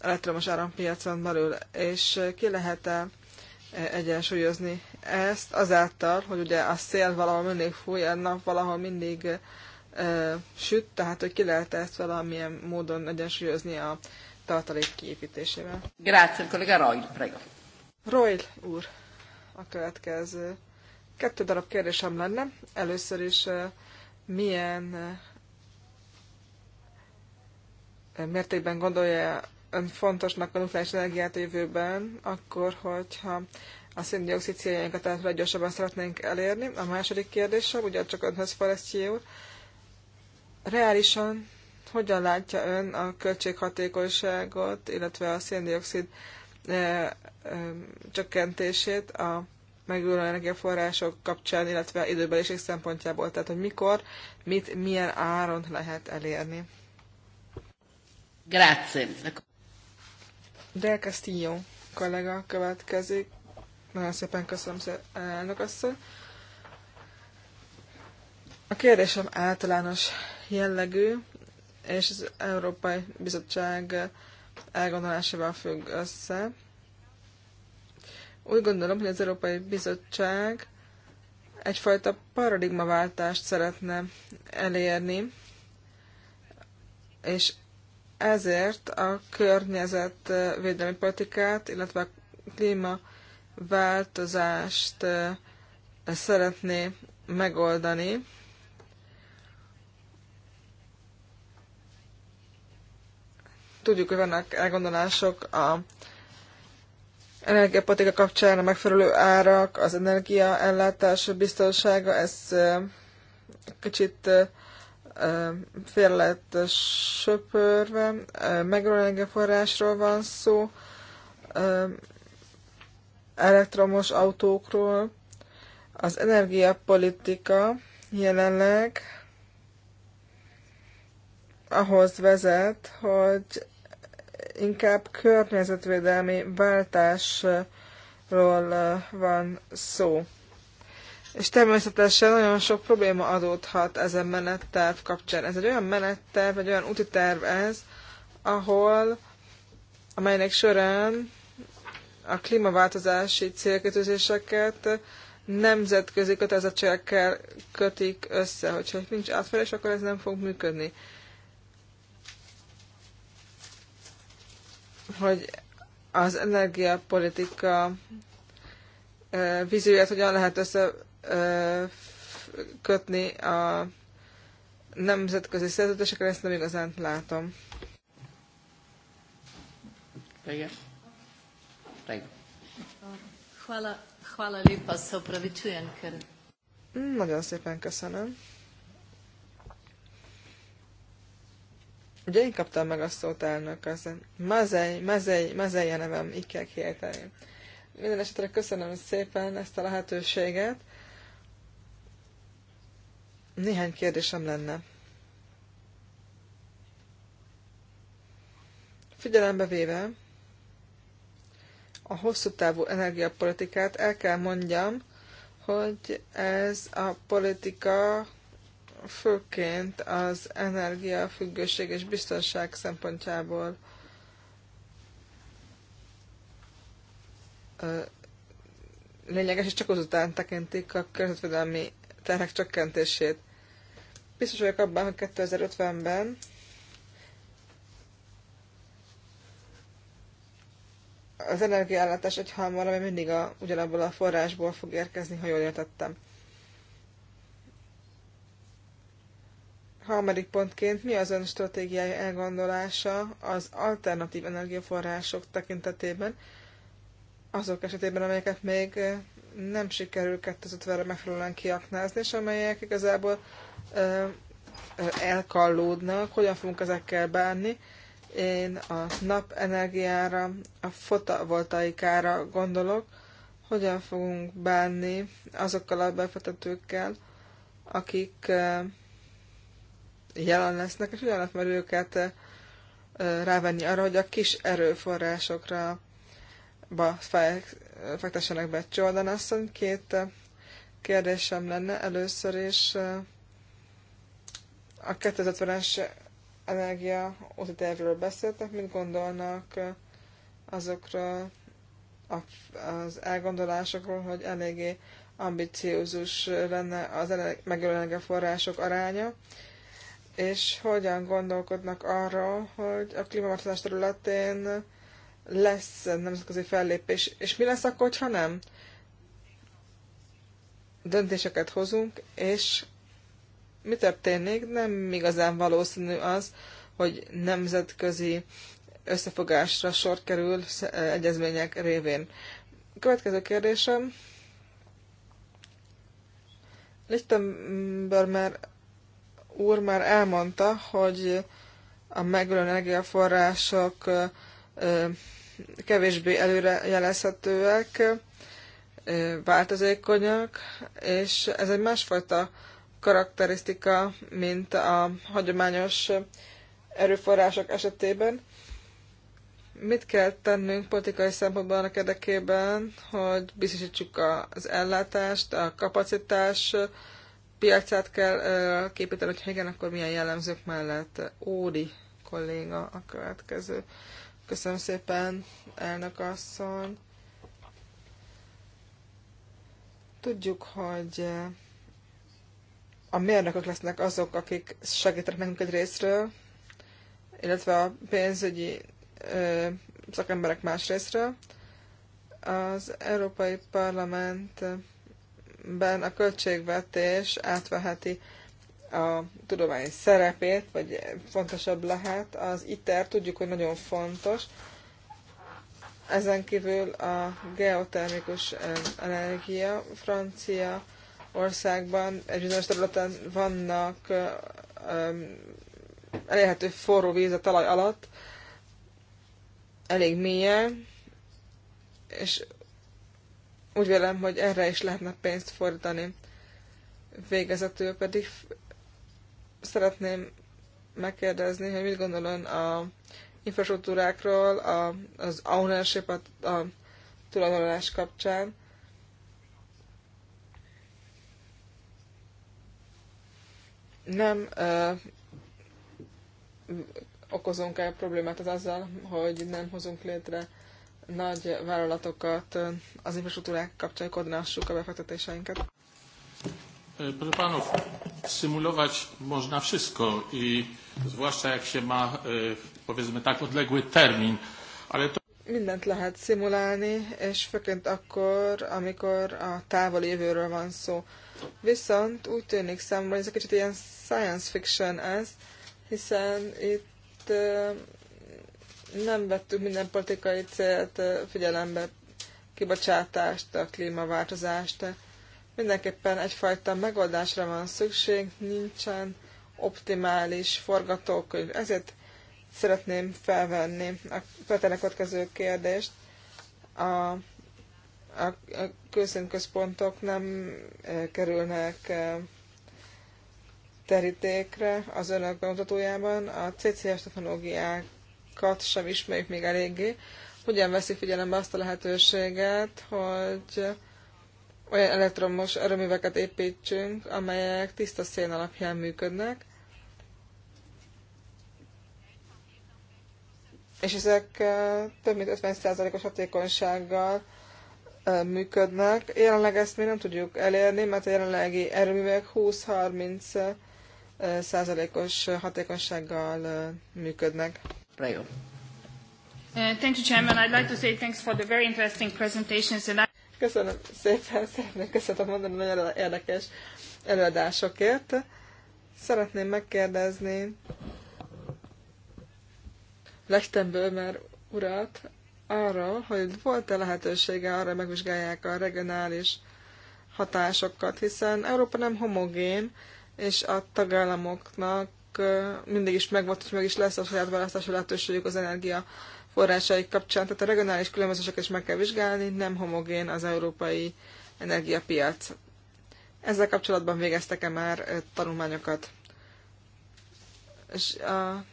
elektromos árampiacon belül, és ki lehet-e egyensúlyozni ezt azáltal, hogy ugye a szél valahol mindig fúj, a nap valahol mindig e, süt, tehát hogy ki lehet ezt valamilyen módon egyensúlyozni a tartalék kiépítésével. Grazie, kollega Roy, prego. Royal úr a következő. Kettő darab kérdésem lenne. Először is milyen mértékben gondolja ön fontosnak a nukleáris energiát a jövőben, akkor, hogyha a széndiokszid céljainkat tehát gyorsabban szeretnénk elérni. A második kérdésem, ugyancsak önhöz Foresztyi úr, reálisan hogyan látja ön a költséghatékonyságot, illetve a széndiokszid csökkentését a megújuló energiaforrások kapcsán, illetve időbeliség szempontjából, tehát hogy mikor, mit, milyen áron lehet elérni. Grazie. Del Castillo kollega következik. Nagyon szépen köszönöm, elnök asszony. A kérdésem általános jellegű, és az Európai Bizottság elgondolásával függ össze. Úgy gondolom, hogy az Európai Bizottság egyfajta paradigmaváltást szeretne elérni, és ezért a környezetvédelmi politikát, illetve a klímaváltozást szeretné megoldani. Tudjuk, hogy vannak elgondolások a energiapolitika kapcsán a megfelelő árak, az energiaellátás biztonsága, ez kicsit fél lett söpörve, megújuló forrásról van szó, elektromos autókról. Az energiapolitika jelenleg ahhoz vezet, hogy inkább környezetvédelmi váltásról van szó. És természetesen nagyon sok probléma adódhat ezen menetterv kapcsán. Ez egy olyan menetterv, egy olyan úti terv ez, ahol, amelynek során a klímaváltozási célkötőzéseket nemzetközi kötelezettségekkel kötik össze. Hogyha nincs átfelés, akkor ez nem fog működni. hogy az energiapolitika vizióját hogyan lehet összekötni a nemzetközi szerződésekre, ezt nem igazán látom. Régel? Hvala, hvala lepa, se opravičujem, ker... Nagyon szépen köszönöm. Ugye én kaptam meg a szót elnök, az mazej, mazej, mazej a nevem, így kell kiejteni. Minden esetre köszönöm szépen ezt a lehetőséget. Néhány kérdésem lenne. Figyelembe véve a hosszú távú energiapolitikát el kell mondjam, hogy ez a politika főként az energiafüggőség és biztonság szempontjából lényeges, és csak azután tekintik a környezetvédelmi terhek csökkentését. Biztos vagyok abban, hogy 2050-ben az energiaellátás egy halmar, ami mindig a, ugyanabból a forrásból fog érkezni, ha jól értettem. harmadik pontként mi az ön stratégiai elgondolása az alternatív energiaforrások tekintetében, azok esetében, amelyeket még nem sikerül 2050-re megfelelően kiaknázni, és amelyek igazából ö, ö, elkallódnak, hogyan fogunk ezekkel bánni. Én a napenergiára, a fotovoltaikára gondolok, hogyan fogunk bánni azokkal a befektetőkkel, akik jelen lesznek, és ugyanak már őket rávenni arra, hogy a kis erőforrásokra ba fektessenek be. Jordan asszony, két kérdésem lenne. Először is a 2050-es energia úti tervről beszéltek, mint gondolnak azokra az elgondolásokról, hogy eléggé ambiciózus lenne az megjelenő források aránya, és hogyan gondolkodnak arról, hogy a klímaváltozás területén lesz nemzetközi fellépés, és mi lesz akkor, ha nem? Döntéseket hozunk, és mi történik? Nem igazán valószínű az, hogy nemzetközi összefogásra sor kerül egyezmények révén. Következő kérdésem. már úr már elmondta, hogy a megülő energiaforrások kevésbé előrejelezhetőek, változékonyak, és ez egy másfajta karakterisztika, mint a hagyományos erőforrások esetében. Mit kell tennünk politikai szempontból annak érdekében, hogy biztosítsuk az ellátást, a kapacitás piacát kell képíteni, hogy igen, akkor milyen jellemzők mellett. Ódi kolléga a következő. Köszönöm szépen, elnök asszony. Tudjuk, hogy a mérnökök lesznek azok, akik segítenek nekünk egy részről, illetve a pénzügyi ö, szakemberek más részről. Az Európai Parlament ben a költségvetés átveheti a tudomány szerepét, vagy fontosabb lehet. Az ITER tudjuk, hogy nagyon fontos. Ezen kívül a geotermikus energia francia országban egy bizonyos területen vannak elérhető forró víz a talaj alatt, elég mélyen, és úgy vélem, hogy erre is lehetne pénzt fordítani. Végezetül pedig szeretném megkérdezni, hogy mit gondol ön a infrastruktúrákról, a, az ownership, a, a tulajdonolás kapcsán. Nem ö, okozunk el problémát az azzal, hogy nem hozunk létre nagy vállalatokat az infrastruktúrák kapcsán koordinálsuk a befektetéseinket. E, proszę panów, symulować można wszystko i zwłaszcza jak się ma e, powiedzmy tak odległy termin, ale to... Mindent lehet szimulálni, és főként akkor, amikor a távoli jövőről van szó. Viszont úgy tűnik számomra, hogy ez egy kicsit ilyen science fiction ez, hiszen itt nem vettük minden politikai célt figyelembe, kibocsátást, a klímaváltozást. Mindenképpen egyfajta megoldásra van szükség, nincsen optimális forgatókönyv. Ezért szeretném felvenni a következő kérdést. A, a, a kőszínközpontok nem kerülnek terítékre az önök bemutatójában. A CCS technológiák tagállamokat sem ismerjük még eléggé, hogyan veszi figyelembe azt a lehetőséget, hogy olyan elektromos erőműveket építsünk, amelyek tiszta szén alapján működnek, és ezek több mint 50%-os hatékonysággal működnek. Jelenleg ezt még nem tudjuk elérni, mert a jelenlegi erőművek 20-30 százalékos hatékonysággal működnek. Prego. Uh, köszönöm szépen, szeretnék köszönöm mondani nagyon érdekes előadásokért. Szeretném megkérdezni Lechtenbömer urat arra, hogy volt-e lehetősége arra, hogy megvizsgálják a regionális hatásokat, hiszen Európa nem homogén, és a tagállamoknak mindig is megvolt, hogy meg is lesz a saját választási lehetőségük az energia forrásaik kapcsán. Tehát a regionális különbözőséget is meg kell vizsgálni, nem homogén az európai energiapiac. Ezzel kapcsolatban végeztek-e már tanulmányokat? És a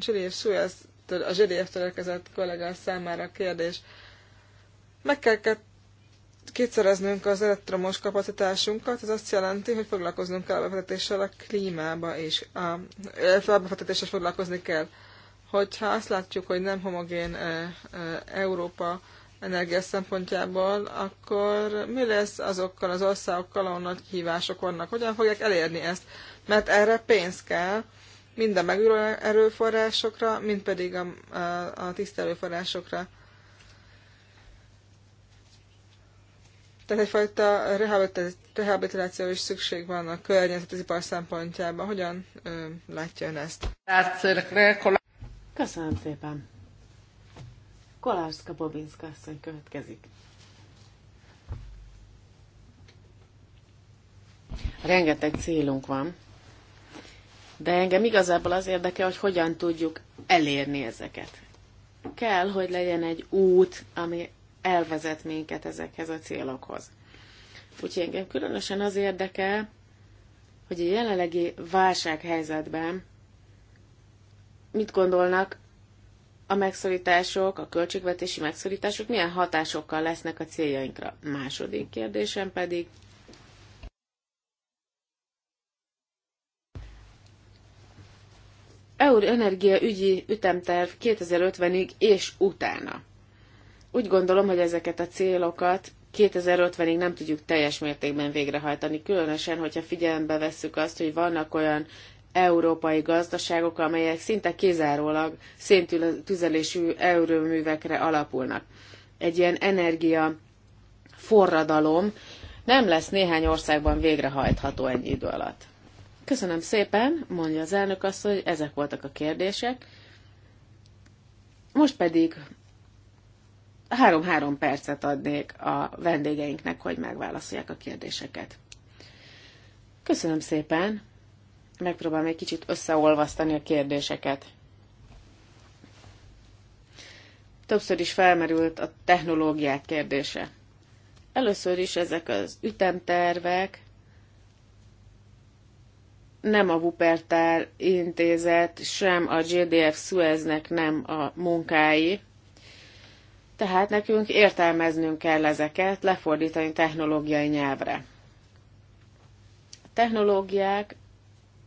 Zsiriev Suez, a Zsiriev érkezett kollega számára a kérdés. Meg kell kétszereznünk az elektromos kapacitásunkat, ez azt jelenti, hogy foglalkoznunk kell a befektetéssel a klímába és a, a befektetéssel foglalkozni kell. Hogyha azt látjuk, hogy nem homogén e, e, Európa energia szempontjából, akkor mi lesz azokkal az országokkal, ahol nagy hívások vannak? Hogyan fogják elérni ezt? Mert erre pénz kell, mind a megújuló erőforrásokra, mind pedig a, a, a tiszta erőforrásokra Tehát egyfajta rehabilitáció is szükség van a környezetipar szempontjában. Hogyan ö, látja ön ezt? Köszönöm szépen. Kolárszka Bobinska asszony következik. Rengeteg célunk van, de engem igazából az érdekel, hogy hogyan tudjuk elérni ezeket. Kell, hogy legyen egy út, ami elvezet minket ezekhez a célokhoz. Úgyhogy engem különösen az érdekel, hogy a jelenlegi válsághelyzetben mit gondolnak a megszorítások, a költségvetési megszorítások milyen hatásokkal lesznek a céljainkra. Második kérdésem pedig, Eur ügyi ütemterv 2050-ig és utána. Úgy gondolom, hogy ezeket a célokat 2050-ig nem tudjuk teljes mértékben végrehajtani, különösen, hogyha figyelembe vesszük azt, hogy vannak olyan európai gazdaságok, amelyek szinte kizárólag széntüzelésű euróművekre alapulnak. Egy ilyen energia forradalom nem lesz néhány országban végrehajtható ennyi idő alatt. Köszönöm szépen, mondja az elnök azt, hogy ezek voltak a kérdések. Most pedig Három-három percet adnék a vendégeinknek, hogy megválaszolják a kérdéseket. Köszönöm szépen. Megpróbálom egy kicsit összeolvasztani a kérdéseket. Többször is felmerült a technológiák kérdése. Először is ezek az ütemtervek, nem a Wuppertal intézet, sem a GDF Sueznek nem a munkái, tehát nekünk értelmeznünk kell ezeket, lefordítani technológiai nyelvre. A technológiák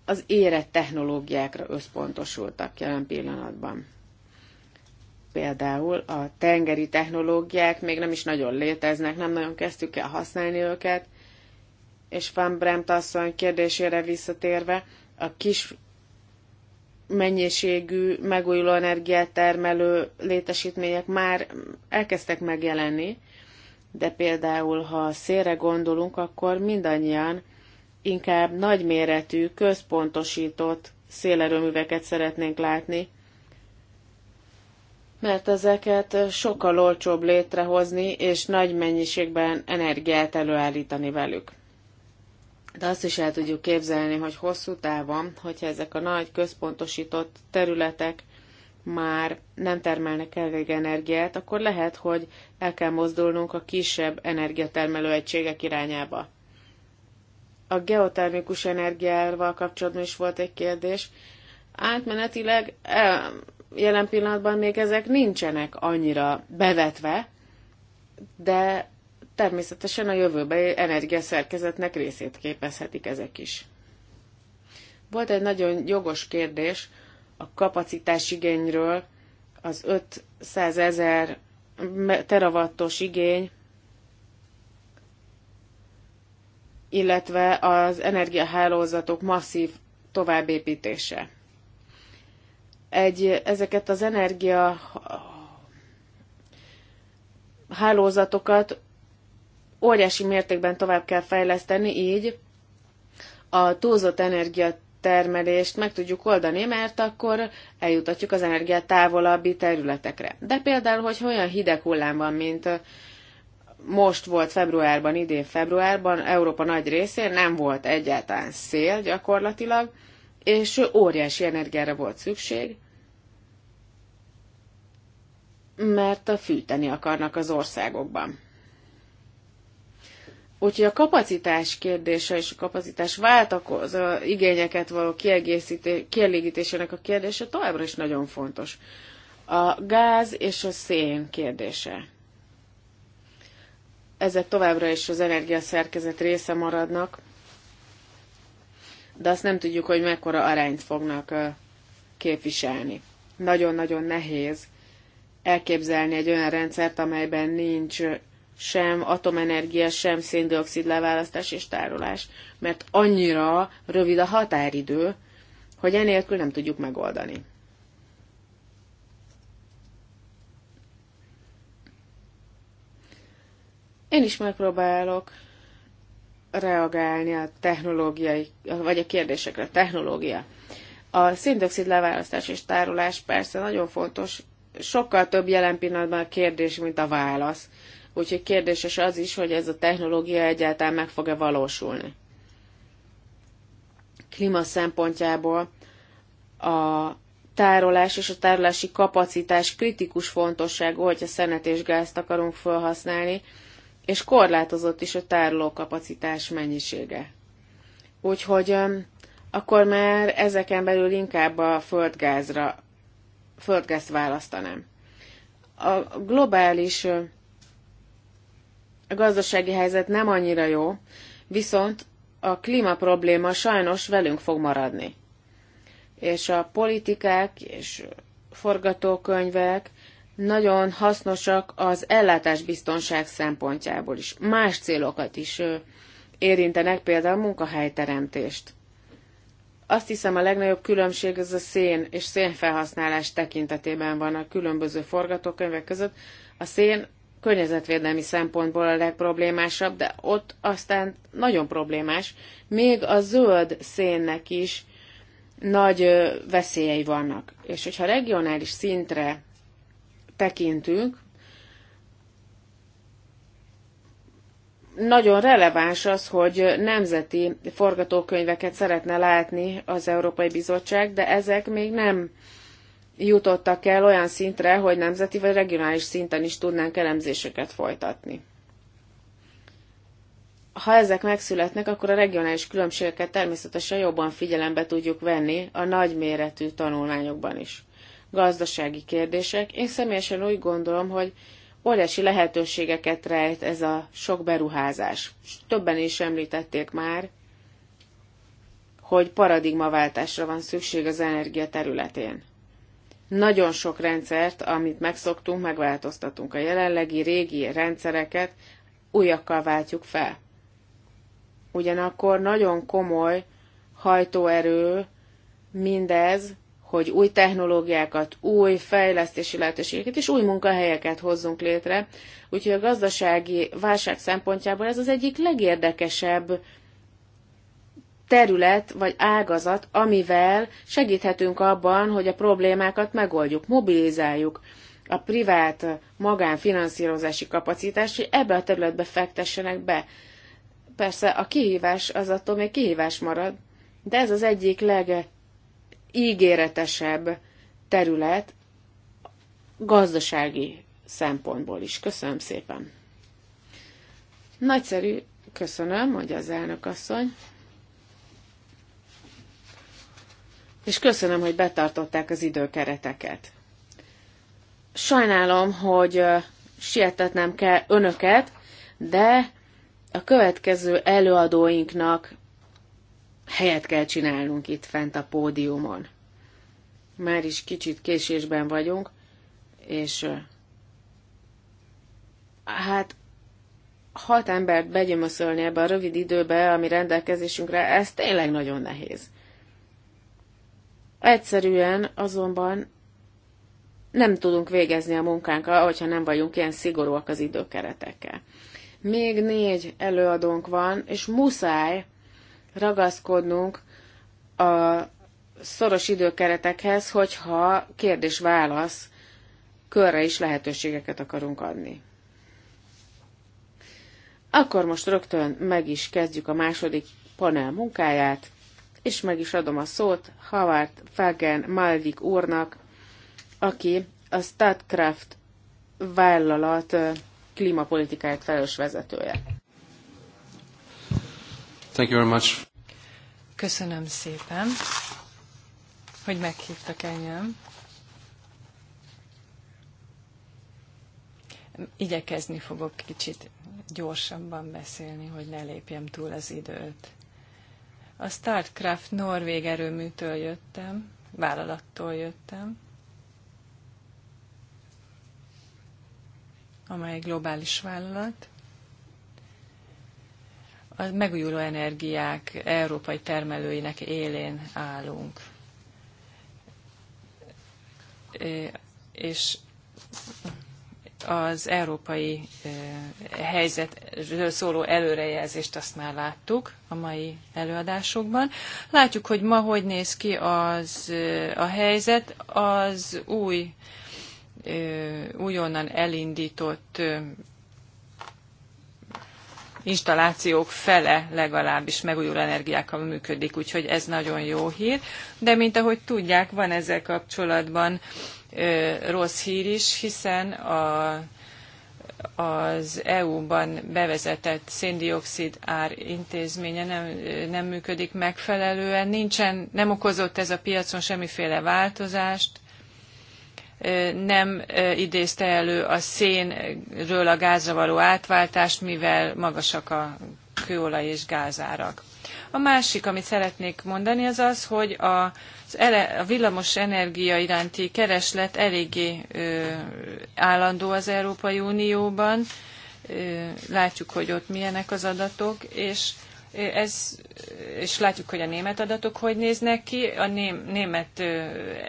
az érett technológiákra összpontosultak jelen pillanatban. Például a tengeri technológiák még nem is nagyon léteznek, nem nagyon kezdtük el használni őket, és Van Bremt asszony kérdésére visszatérve, a kis mennyiségű megújuló energiát termelő létesítmények már elkezdtek megjelenni, de például, ha szélre gondolunk, akkor mindannyian inkább nagyméretű, központosított szélerőműveket szeretnénk látni, mert ezeket sokkal olcsóbb létrehozni és nagy mennyiségben energiát előállítani velük. De azt is el tudjuk képzelni, hogy hosszú távon, hogyha ezek a nagy központosított területek már nem termelnek elég energiát, akkor lehet, hogy el kell mozdulnunk a kisebb energiatermelő egységek irányába. A geotermikus energiával kapcsolatban is volt egy kérdés. Átmenetileg e, jelen pillanatban még ezek nincsenek annyira bevetve, de természetesen a jövőbe energiaszerkezetnek részét képezhetik ezek is. Volt egy nagyon jogos kérdés a igényről, az 500 ezer teravattos igény, illetve az energiahálózatok masszív továbbépítése. Egy, ezeket az energia hálózatokat óriási mértékben tovább kell fejleszteni, így a túlzott energia termelést meg tudjuk oldani, mert akkor eljutatjuk az energiát távolabbi területekre. De például, hogy olyan hideg hullám van, mint most volt februárban, idén februárban, Európa nagy részén nem volt egyáltalán szél gyakorlatilag, és óriási energiára volt szükség, mert a fűteni akarnak az országokban. Úgyhogy a kapacitás kérdése és a kapacitás váltakoz, a igényeket való kielégítésének a kérdése továbbra is nagyon fontos. A gáz és a szén kérdése. Ezek továbbra is az energiaszerkezet része maradnak, de azt nem tudjuk, hogy mekkora arányt fognak képviselni. Nagyon-nagyon nehéz elképzelni egy olyan rendszert, amelyben nincs sem atomenergia, sem széndiokszid leválasztás és tárolás, mert annyira rövid a határidő, hogy enélkül nem tudjuk megoldani. Én is megpróbálok reagálni a technológiai, vagy a kérdésekre. A technológia. A széndiokszid leválasztás és tárolás persze nagyon fontos, sokkal több jelen pillanatban a kérdés, mint a válasz úgyhogy kérdéses az is, hogy ez a technológia egyáltalán meg fog-e valósulni. Klima szempontjából a tárolás és a tárolási kapacitás kritikus fontosságú, hogyha szenet és gázt akarunk felhasználni, és korlátozott is a tároló kapacitás mennyisége. Úgyhogy akkor már ezeken belül inkább a földgázra, földgázt választanám. A globális a gazdasági helyzet nem annyira jó, viszont a klíma probléma sajnos velünk fog maradni. És a politikák és forgatókönyvek nagyon hasznosak az ellátásbiztonság szempontjából is. Más célokat is érintenek, például munkahelyteremtést. Azt hiszem a legnagyobb különbség az a szén és szénfelhasználás tekintetében van a különböző forgatókönyvek között. A szén környezetvédelmi szempontból a legproblémásabb, de ott aztán nagyon problémás. Még a zöld szénnek is nagy veszélyei vannak. És hogyha regionális szintre tekintünk, nagyon releváns az, hogy nemzeti forgatókönyveket szeretne látni az Európai Bizottság, de ezek még nem jutottak el olyan szintre, hogy nemzeti vagy regionális szinten is tudnánk elemzéseket folytatni. Ha ezek megszületnek, akkor a regionális különbségeket természetesen jobban figyelembe tudjuk venni a nagyméretű tanulmányokban is. Gazdasági kérdések. Én személyesen úgy gondolom, hogy óriási lehetőségeket rejt ez a sok beruházás. Többen is említették már, hogy paradigmaváltásra van szükség az energia területén nagyon sok rendszert, amit megszoktunk, megváltoztatunk. A jelenlegi régi rendszereket újakkal váltjuk fel. Ugyanakkor nagyon komoly hajtóerő mindez, hogy új technológiákat, új fejlesztési lehetőségeket és új munkahelyeket hozzunk létre. Úgyhogy a gazdasági válság szempontjából ez az egyik legérdekesebb terület vagy ágazat, amivel segíthetünk abban, hogy a problémákat megoldjuk, mobilizáljuk a privát magánfinanszírozási kapacitás, hogy ebbe a területbe fektessenek be. Persze a kihívás az attól még kihívás marad, de ez az egyik legígéretesebb terület gazdasági szempontból is. Köszönöm szépen. Nagyszerű, köszönöm, hogy az elnök asszony. és köszönöm, hogy betartották az időkereteket. Sajnálom, hogy sietetnem kell önöket, de a következő előadóinknak helyet kell csinálnunk itt fent a pódiumon. Már is kicsit késésben vagyunk, és hát hat embert begyömöszölni ebbe a rövid időbe, ami rendelkezésünkre, ez tényleg nagyon nehéz. Egyszerűen azonban nem tudunk végezni a munkánkkal, hogyha nem vagyunk ilyen szigorúak az időkeretekkel. Még négy előadónk van, és muszáj ragaszkodnunk a szoros időkeretekhez, hogyha kérdés-válasz körre is lehetőségeket akarunk adni. Akkor most rögtön meg is kezdjük a második panel munkáját és meg is adom a szót Havard Fagen Malvik úrnak, aki a Statcraft vállalat klímapolitikáját felelős vezetője. Thank you very much. Köszönöm szépen, hogy meghívtak engem. Igyekezni fogok kicsit gyorsabban beszélni, hogy ne lépjem túl az időt. A Startcraft norvég erőműtől jöttem, vállalattól jöttem, amely globális vállalat. A megújuló energiák európai termelőinek élén állunk. És az európai helyzetről szóló előrejelzést azt már láttuk a mai előadásokban. Látjuk, hogy ma hogy néz ki az, a helyzet az új, újonnan elindított installációk fele legalábbis megújuló energiákkal működik, úgyhogy ez nagyon jó hír. De mint ahogy tudják, van ezzel kapcsolatban rossz hír is, hiszen a az EU-ban bevezetett széndiokszid ár intézménye nem, nem működik megfelelően, nincsen, nem okozott ez a piacon semmiféle változást, nem idézte elő a szénről a gázra való átváltást, mivel magasak a kőolaj és gázárak. A másik, amit szeretnék mondani, az az, hogy a a villamos energia iránti kereslet eléggé állandó az Európai Unióban. Látjuk, hogy ott milyenek az adatok, és ez, és látjuk, hogy a német adatok hogy néznek ki, a ném, német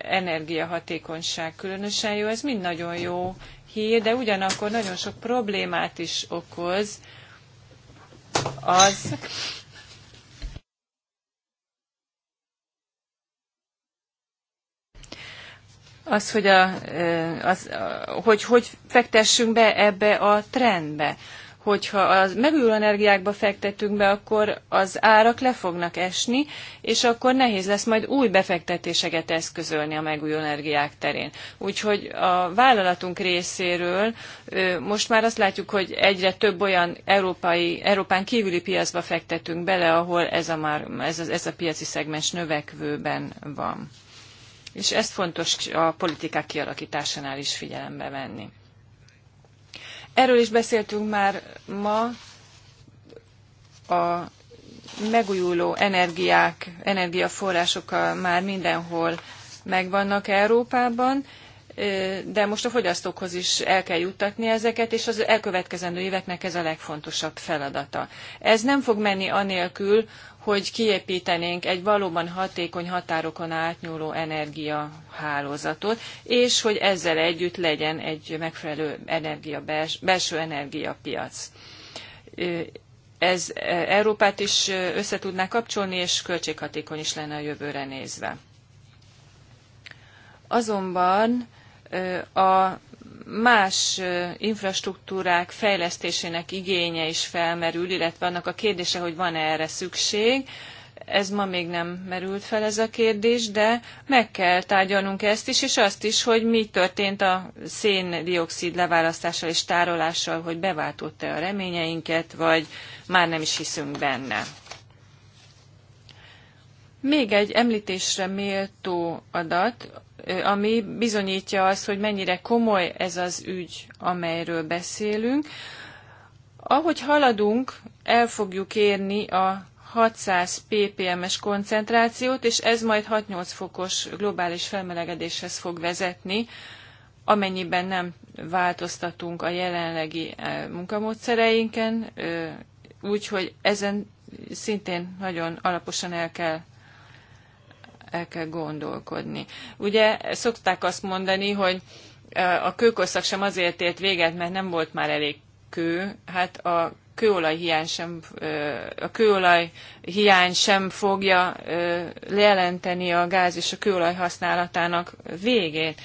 energiahatékonyság különösen jó, ez mind nagyon jó hír, de ugyanakkor nagyon sok problémát is okoz az, az, hogy, a, az, hogy hogy fektessünk be ebbe a trendbe. Hogyha az megújuló energiákba fektetünk be, akkor az árak le fognak esni, és akkor nehéz lesz majd új befektetéseket eszközölni a megújuló energiák terén. Úgyhogy a vállalatunk részéről most már azt látjuk, hogy egyre több olyan európai, Európán kívüli piacba fektetünk bele, ahol ez a, már, ez a, ez a piaci szegmens növekvőben van és ezt fontos a politikák kialakításánál is figyelembe venni. Erről is beszéltünk már ma, a megújuló energiák, energiaforrások már mindenhol megvannak Európában, de most a fogyasztókhoz is el kell juttatni ezeket, és az elkövetkezendő éveknek ez a legfontosabb feladata. Ez nem fog menni anélkül, hogy kiépítenénk egy valóban hatékony határokon átnyúló energiahálózatot, és hogy ezzel együtt legyen egy megfelelő energia, belső energiapiac. Ez e, Európát is összetudná kapcsolni, és költséghatékony is lenne a jövőre nézve. Azonban a más infrastruktúrák fejlesztésének igénye is felmerül, illetve annak a kérdése, hogy van-e erre szükség. Ez ma még nem merült fel ez a kérdés, de meg kell tárgyalnunk ezt is, és azt is, hogy mi történt a széndiokszid leválasztással és tárolással, hogy beváltotta a reményeinket, vagy már nem is hiszünk benne. Még egy említésre méltó adat, ami bizonyítja azt, hogy mennyire komoly ez az ügy, amelyről beszélünk. Ahogy haladunk, el fogjuk érni a 600 ppm-es koncentrációt, és ez majd 6-8 fokos globális felmelegedéshez fog vezetni, amennyiben nem változtatunk a jelenlegi e, munkamódszereinken, úgyhogy ezen szintén nagyon alaposan el kell el kell gondolkodni. Ugye szokták azt mondani, hogy a kőkorszak sem azért ért véget, mert nem volt már elég kő. Hát a kőolaj hiány sem, a kőolaj hiány sem fogja lejelenteni a gáz és a kőolaj használatának végét.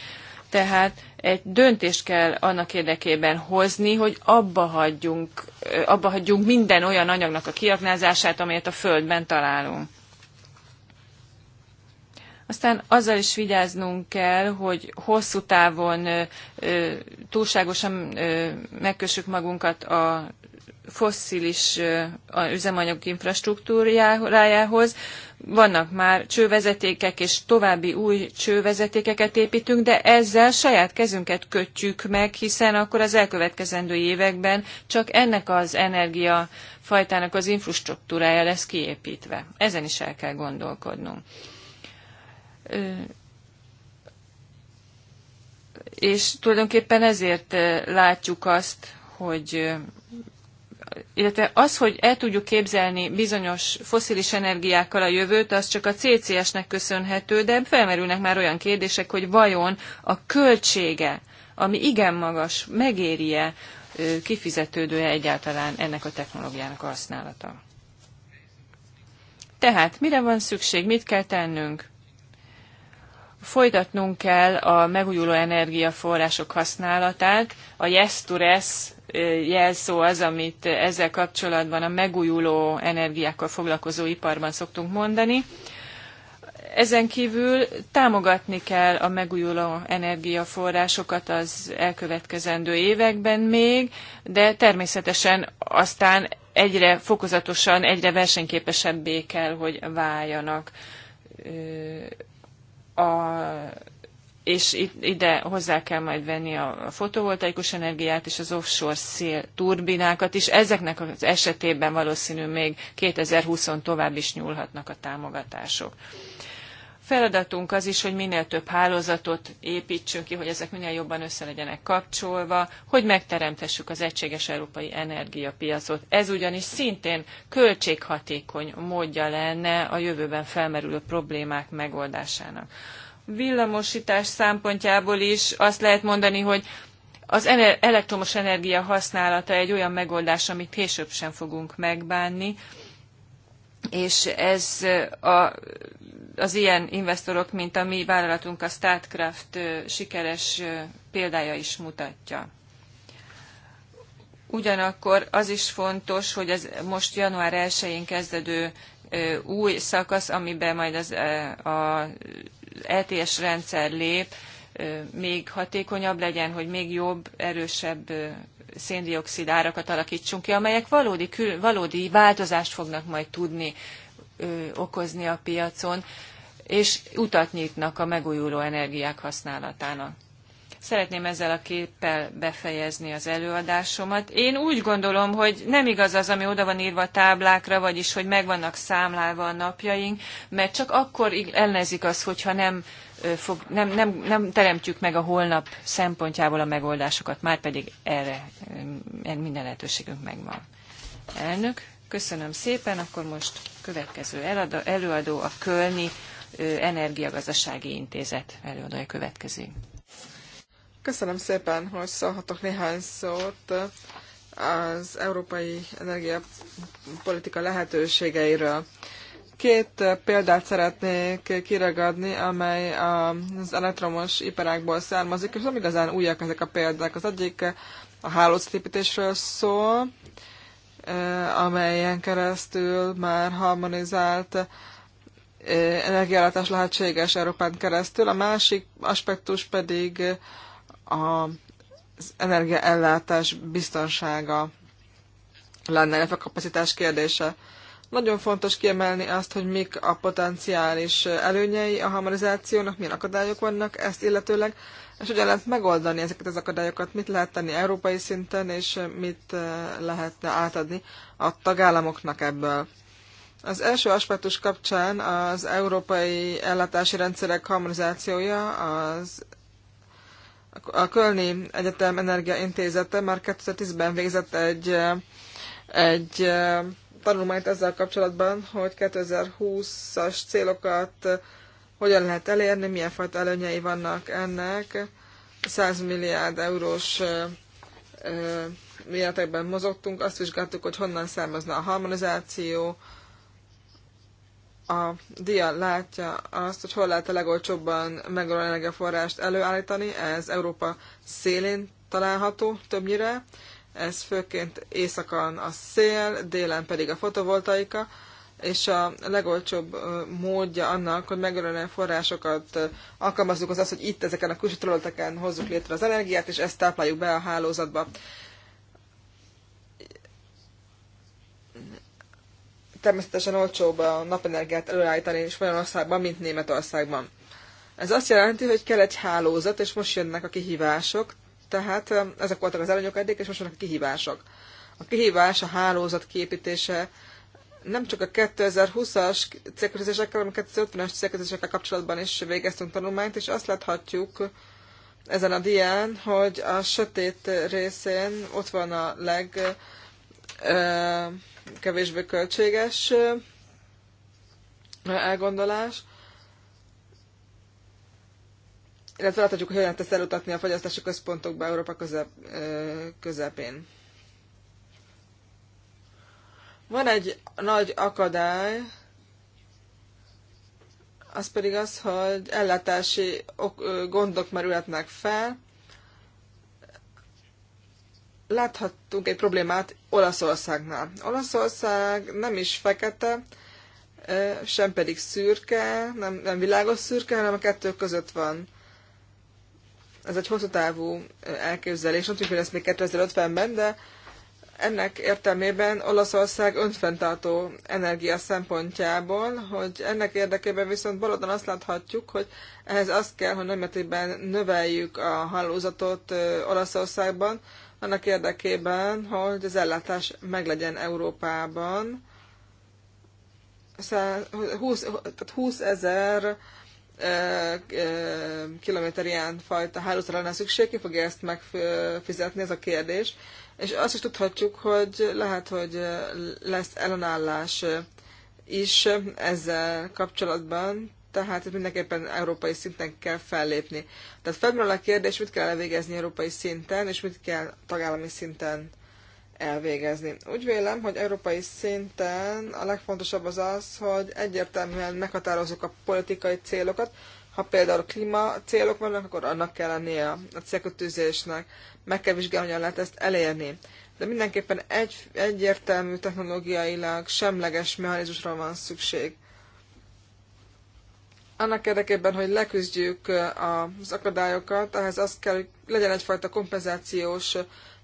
Tehát egy döntést kell annak érdekében hozni, hogy abba hagyjunk, abba hagyjunk minden olyan anyagnak a kiaknázását, amelyet a Földben találunk. Aztán azzal is vigyáznunk kell, hogy hosszú távon túlságosan megkössük magunkat a fosszilis üzemanyag infrastruktúrájához. Vannak már csővezetékek, és további új csővezetékeket építünk, de ezzel saját kezünket kötjük meg, hiszen akkor az elkövetkezendő években csak ennek az energiafajtának az infrastruktúrája lesz kiépítve. Ezen is el kell gondolkodnunk és tulajdonképpen ezért látjuk azt, hogy illetve az, hogy el tudjuk képzelni bizonyos foszilis energiákkal a jövőt, az csak a CCS-nek köszönhető, de felmerülnek már olyan kérdések, hogy vajon a költsége, ami igen magas, megéri-e, kifizetődő-e egyáltalán ennek a technológiának a használata. Tehát mire van szükség, mit kell tennünk? Folytatnunk kell a megújuló energiaforrások használatát. A yes to rest jelszó az, amit ezzel kapcsolatban a megújuló energiákkal foglalkozó iparban szoktunk mondani. Ezen kívül támogatni kell a megújuló energiaforrásokat az elkövetkezendő években még, de természetesen aztán egyre fokozatosan, egyre versenyképesebbé kell, hogy váljanak a, és itt, ide hozzá kell majd venni a fotovoltaikus energiát és az offshore szél turbinákat is. Ezeknek az esetében valószínű még 2020-on tovább is nyúlhatnak a támogatások feladatunk az is, hogy minél több hálózatot építsünk ki, hogy ezek minél jobban össze legyenek kapcsolva, hogy megteremtessük az egységes európai energiapiacot. Ez ugyanis szintén költséghatékony módja lenne a jövőben felmerülő problémák megoldásának. Villamosítás szempontjából is azt lehet mondani, hogy az elektromos energia használata egy olyan megoldás, amit később sem fogunk megbánni, és ez a az ilyen investorok, mint a mi vállalatunk, a StatCraft sikeres példája is mutatja. Ugyanakkor az is fontos, hogy ez most január 1-én kezdődő új szakasz, amiben majd az, a ETS rendszer lép, még hatékonyabb legyen, hogy még jobb, erősebb széndiokszid árakat alakítsunk ki, amelyek valódi, valódi változást fognak majd tudni okozni a piacon, és utat nyitnak a megújuló energiák használatának. Szeretném ezzel a képpel befejezni az előadásomat. Én úgy gondolom, hogy nem igaz az, ami oda van írva a táblákra, vagyis hogy meg vannak számlálva a napjaink, mert csak akkor ellenzik az, hogyha nem, fog, nem, nem, nem teremtjük meg a holnap szempontjából a megoldásokat, már pedig erre minden lehetőségünk megvan. Elnök. Köszönöm szépen, akkor most következő előadó a Kölni Energiagazdasági Intézet előadója következő. Köszönöm szépen, hogy szólhatok néhány szót az európai energiapolitika lehetőségeiről. Két példát szeretnék kiragadni, amely az elektromos iparákból származik, és nem igazán újak ezek a példák. Az egyik a hálózatépítésről szól, amelyen keresztül már harmonizált energiállátás lehetséges Európán keresztül. A másik aspektus pedig az energiaellátás biztonsága lenne, illetve kapacitás kérdése. Nagyon fontos kiemelni azt, hogy mik a potenciális előnyei a harmonizációnak, milyen akadályok vannak ezt illetőleg, és hogyan lehet megoldani ezeket az akadályokat, mit lehet tenni európai szinten, és eh, mit eh, lehetne átadni a tagállamoknak ebből. Az első aspektus kapcsán az európai ellátási rendszerek harmonizációja az a Kölni Egyetem Energia Intézete már 2010-ben végzett egy, eh, egy tanulmányt ezzel kapcsolatban, hogy 2020-as célokat hogyan lehet elérni, milyen fajta előnyei vannak ennek. 100 milliárd eurós méretekben mozogtunk, azt vizsgáltuk, hogy honnan származna a harmonizáció. A dia látja azt, hogy hol lehet a legolcsóbban a energiaforrást előállítani, ez Európa szélén található többnyire, ez főként éjszakan a szél, délen pedig a fotovoltaika, és a legolcsóbb módja annak, hogy megölelően forrásokat alkalmazzuk, az az, hogy itt ezeken a külső területeken hozzuk létre az energiát, és ezt tápláljuk be a hálózatba. Természetesen olcsóbb a napenergiát előállítani Spanyolországban, mint Németországban. Ez azt jelenti, hogy kell egy hálózat, és most jönnek a kihívások, tehát ezek voltak az előnyök eddig, és most vannak a kihívások. A kihívás a hálózat képítése, nem csak a 2020-as célkötözésekkel, hanem a 2050-as célkötözésekkel kapcsolatban is végeztünk tanulmányt, és azt láthatjuk ezen a dián, hogy a sötét részén ott van a leg ö, kevésbé költséges elgondolás, illetve láthatjuk, hogy hogyan tesz elutatni a fogyasztási központokba Európa közep, közepén. Van egy nagy akadály, az pedig az, hogy ellátási gondok merülhetnek fel. Láthattunk egy problémát Olaszországnál. Olaszország nem is fekete, sem pedig szürke, nem, nem világos szürke, hanem a kettő között van. Ez egy hosszú távú elképzelés, nem tudjuk, hogy ez még 2050-ben, de ennek értelmében Olaszország önfenntartó energia szempontjából, hogy ennek érdekében viszont valóban azt láthatjuk, hogy ehhez azt kell, hogy nagymetében növeljük a hálózatot Olaszországban, annak érdekében, hogy az ellátás meglegyen Európában. 20, tehát 20 ezer kilométer ilyen fajta hálózatra lenne szükség, ki fogja ezt megfizetni, ez a kérdés és azt is tudhatjuk, hogy lehet, hogy lesz ellenállás is ezzel kapcsolatban, tehát mindenképpen európai szinten kell fellépni. Tehát felmerül a kérdés, mit kell elvégezni európai szinten, és mit kell tagállami szinten elvégezni. Úgy vélem, hogy európai szinten a legfontosabb az az, hogy egyértelműen meghatározzuk a politikai célokat, ha például klíma célok vannak, akkor annak kell lennie a célkötőzésnek. Meg kell vizsgálni, hogyan lehet ezt elérni. De mindenképpen egy, egyértelmű technológiailag semleges mechanizmusra van szükség. Annak érdekében, hogy leküzdjük az akadályokat, ehhez az kell, hogy legyen egyfajta kompenzációs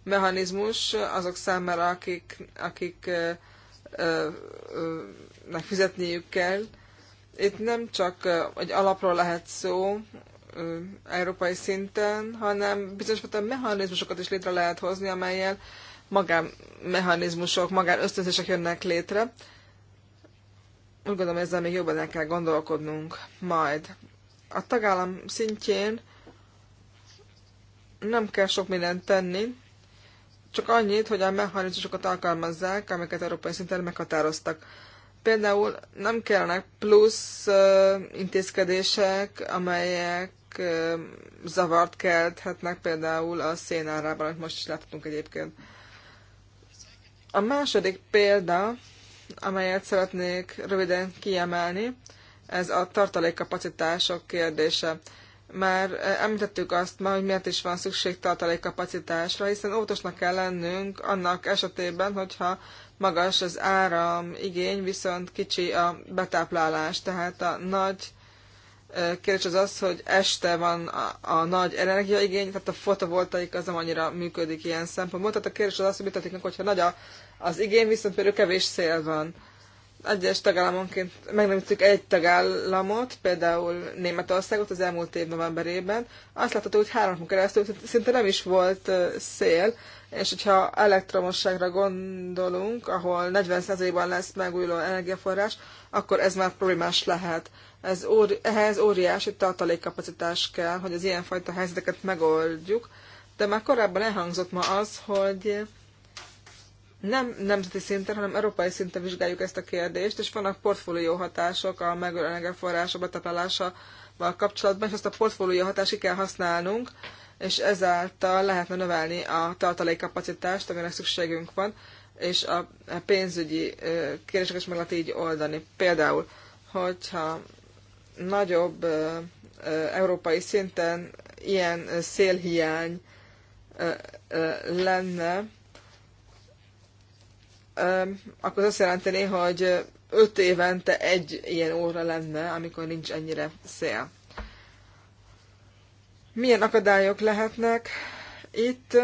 mechanizmus azok számára, akik, akik fizetniük kell, itt nem csak egy alapról lehet szó európai szinten, hanem bizonyos fajta mechanizmusokat is létre lehet hozni, amelyel magánmechanizmusok, magán ösztönzések jönnek létre. Úgy gondolom, ezzel még jobban el kell gondolkodnunk majd. A tagállam szintjén nem kell sok mindent tenni, csak annyit, hogy a mechanizmusokat alkalmazzák, amiket európai szinten meghatároztak Például nem kellnek plusz intézkedések, amelyek zavart kelthetnek például a szénárában, amit most is láthatunk egyébként. A második példa, amelyet szeretnék röviden kiemelni, ez a tartalékkapacitások kérdése. Már említettük azt már, hogy miért is van szükség tartalékkapacitásra, hiszen óvatosnak kell lennünk annak esetében, hogyha magas az áram igény, viszont kicsi a betáplálás. Tehát a nagy kérdés az az, hogy este van a, a nagy energiaigény, tehát a fotovoltaik az nem annyira működik ilyen szempontból. Tehát a kérdés az az, hogy mit tettünk, hogyha nagy a, az igény, viszont például kevés szél van egyes tagállamonként megnemítjük egy tagállamot, például Németországot az elmúlt év novemberében, azt látható, hogy három napon keresztül szinte nem is volt szél, és hogyha elektromosságra gondolunk, ahol 40%-ban lesz megújuló energiaforrás, akkor ez már problémás lehet. Ez óri- ehhez óriási tartalékkapacitás kell, hogy az ilyenfajta helyzeteket megoldjuk, de már korábban elhangzott ma az, hogy nem nemzeti szinten, hanem európai szinten vizsgáljuk ezt a kérdést, és vannak portfólió hatások a megújuló energiaforrások betapálásával kapcsolatban, és ezt a portfólió hatást ki kell használnunk, és ezáltal lehetne növelni a tartalékkapacitást, amire szükségünk van, és a pénzügyi kérdéseket is meg lehet így oldani. Például, hogyha nagyobb európai szinten ilyen szélhiány lenne, akkor azt jelenteni, hogy öt évente egy ilyen óra lenne, amikor nincs ennyire szél. Milyen akadályok lehetnek? Itt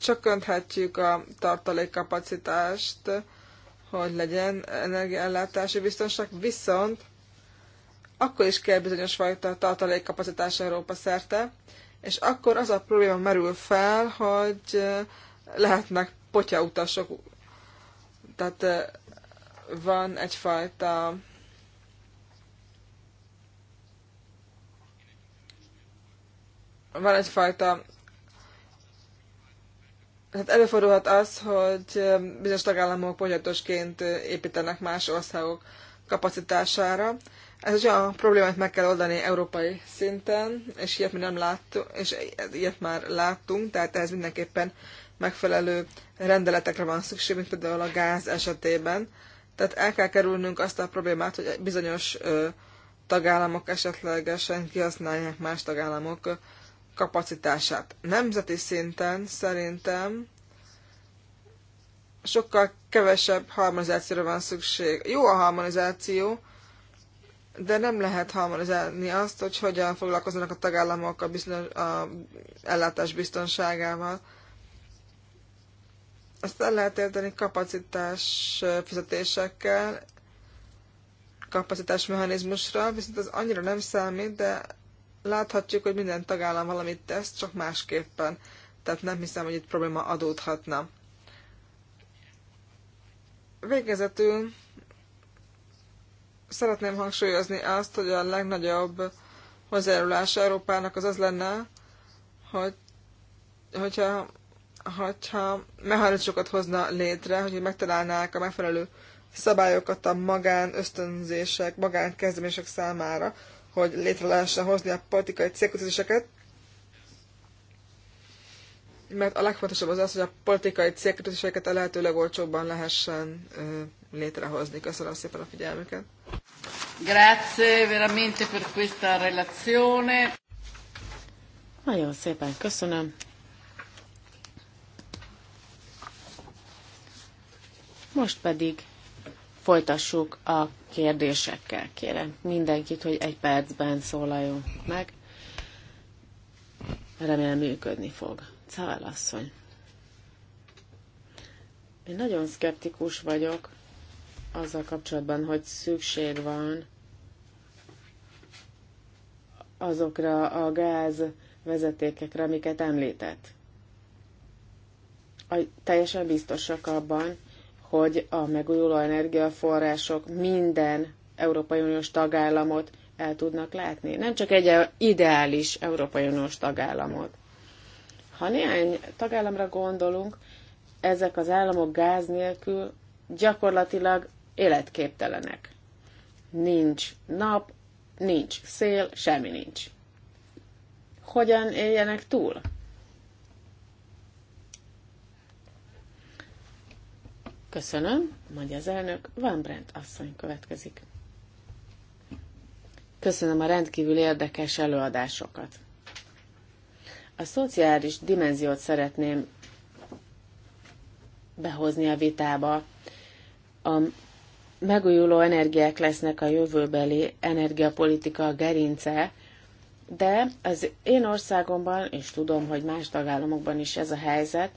csökkenthetjük a tartalékkapacitást, hogy legyen energiaellátási biztonság, viszont akkor is kell bizonyos fajta tartalékkapacitás Európa szerte, és akkor az a probléma merül fel, hogy lehetnek potyautasok, tehát eh, van egyfajta van egyfajta Hát előfordulhat az, hogy eh, bizonyos tagállamok pogyatosként eh, építenek más országok kapacitására. Ez egy olyan problémát meg kell oldani európai szinten, és ilyet mi nem láttunk, és ilyet már láttunk, tehát ez mindenképpen megfelelő rendeletekre van szükség, mint például a gáz esetében. Tehát el kell kerülnünk azt a problémát, hogy bizonyos tagállamok esetlegesen kihasználják más tagállamok kapacitását. Nemzeti szinten szerintem sokkal kevesebb harmonizációra van szükség. Jó a harmonizáció, de nem lehet harmonizálni azt, hogy hogyan foglalkoznak a tagállamok a, bizton, a ellátás biztonságával. Ezt el lehet érteni kapacitás fizetésekkel, kapacitás mechanizmusra, viszont az annyira nem számít, de láthatjuk, hogy minden tagállam valamit tesz, csak másképpen. Tehát nem hiszem, hogy itt probléma adódhatna. Végezetül szeretném hangsúlyozni azt, hogy a legnagyobb hozzájárulás Európának az az lenne, hogy, hogyha hogyha mechanizmusokat hozna létre, hogy megtalálnák a megfelelő szabályokat a magán ösztönzések, magán kezdemések számára, hogy létre lehessen hozni a politikai célkötözéseket, mert a legfontosabb az az, hogy a politikai célkötözéseket a lehető legolcsóbban lehessen ö, létrehozni. Köszönöm szépen a figyelmüket. Grazie veramente per questa relazione. Nagyon szépen köszönöm. Most pedig folytassuk a kérdésekkel. Kérem mindenkit, hogy egy percben szólaljon meg. Remélem működni fog. Cavell asszony. Én nagyon szkeptikus vagyok azzal kapcsolatban, hogy szükség van azokra a gáz vezetékekre, amiket említett. A, teljesen biztosak abban, hogy a megújuló energiaforrások minden Európai Uniós tagállamot el tudnak látni. Nem csak egy ideális Európai Uniós tagállamot. Ha néhány tagállamra gondolunk, ezek az államok gáz nélkül gyakorlatilag életképtelenek. Nincs nap, nincs szél, semmi nincs. Hogyan éljenek túl? Köszönöm, mondja az elnök. Van Brent asszony következik. Köszönöm a rendkívül érdekes előadásokat. A szociális dimenziót szeretném behozni a vitába. A megújuló energiák lesznek a jövőbeli energiapolitika gerince, de az én országomban, és tudom, hogy más tagállamokban is ez a helyzet,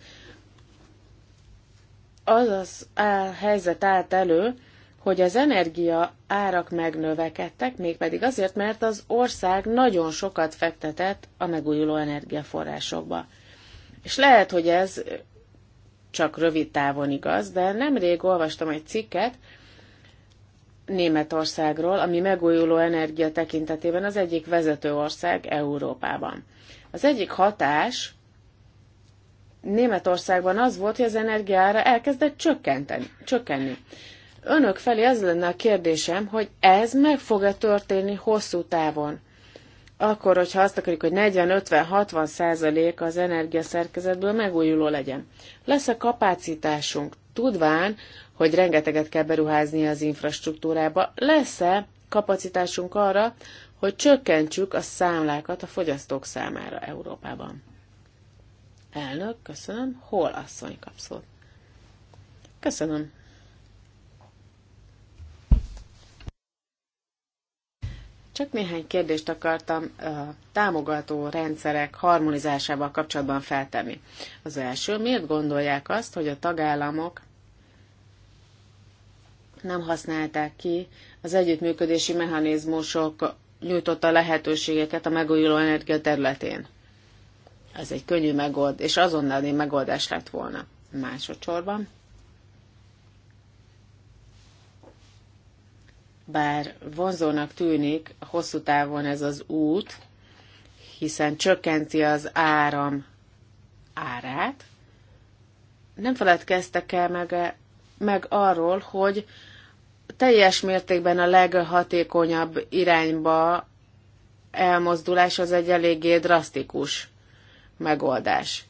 az az áll, helyzet állt elő, hogy az energia árak megnövekedtek, mégpedig azért, mert az ország nagyon sokat fektetett a megújuló energiaforrásokba. És lehet, hogy ez csak rövid távon igaz, de nemrég olvastam egy cikket Németországról, ami megújuló energia tekintetében az egyik vezető ország Európában. Az egyik hatás Németországban az volt, hogy az energiára elkezdett csökkenteni, csökkenni. Önök felé az lenne a kérdésem, hogy ez meg fog-e történni hosszú távon? Akkor, hogyha azt akarjuk, hogy 40-50-60 százalék az energiaszerkezetből megújuló legyen. Lesz a kapacitásunk, tudván, hogy rengeteget kell beruházni az infrastruktúrába, lesz-e kapacitásunk arra, hogy csökkentsük a számlákat a fogyasztók számára Európában? Elnök, köszönöm. Hol asszony kapszót? Köszönöm. Csak néhány kérdést akartam a támogató rendszerek harmonizásával kapcsolatban feltenni. Az első, miért gondolják azt, hogy a tagállamok nem használták ki az együttműködési mechanizmusok nyújtotta lehetőségeket a megújuló energia területén? Ez egy könnyű megold, és azonnali megoldás lett volna másodszorban. Bár vonzónak tűnik hosszú távon ez az út, hiszen csökkenti az áram árát, nem feledkeztek el meg, meg arról, hogy teljes mértékben a leghatékonyabb irányba elmozdulás az egy eléggé drasztikus megoldás.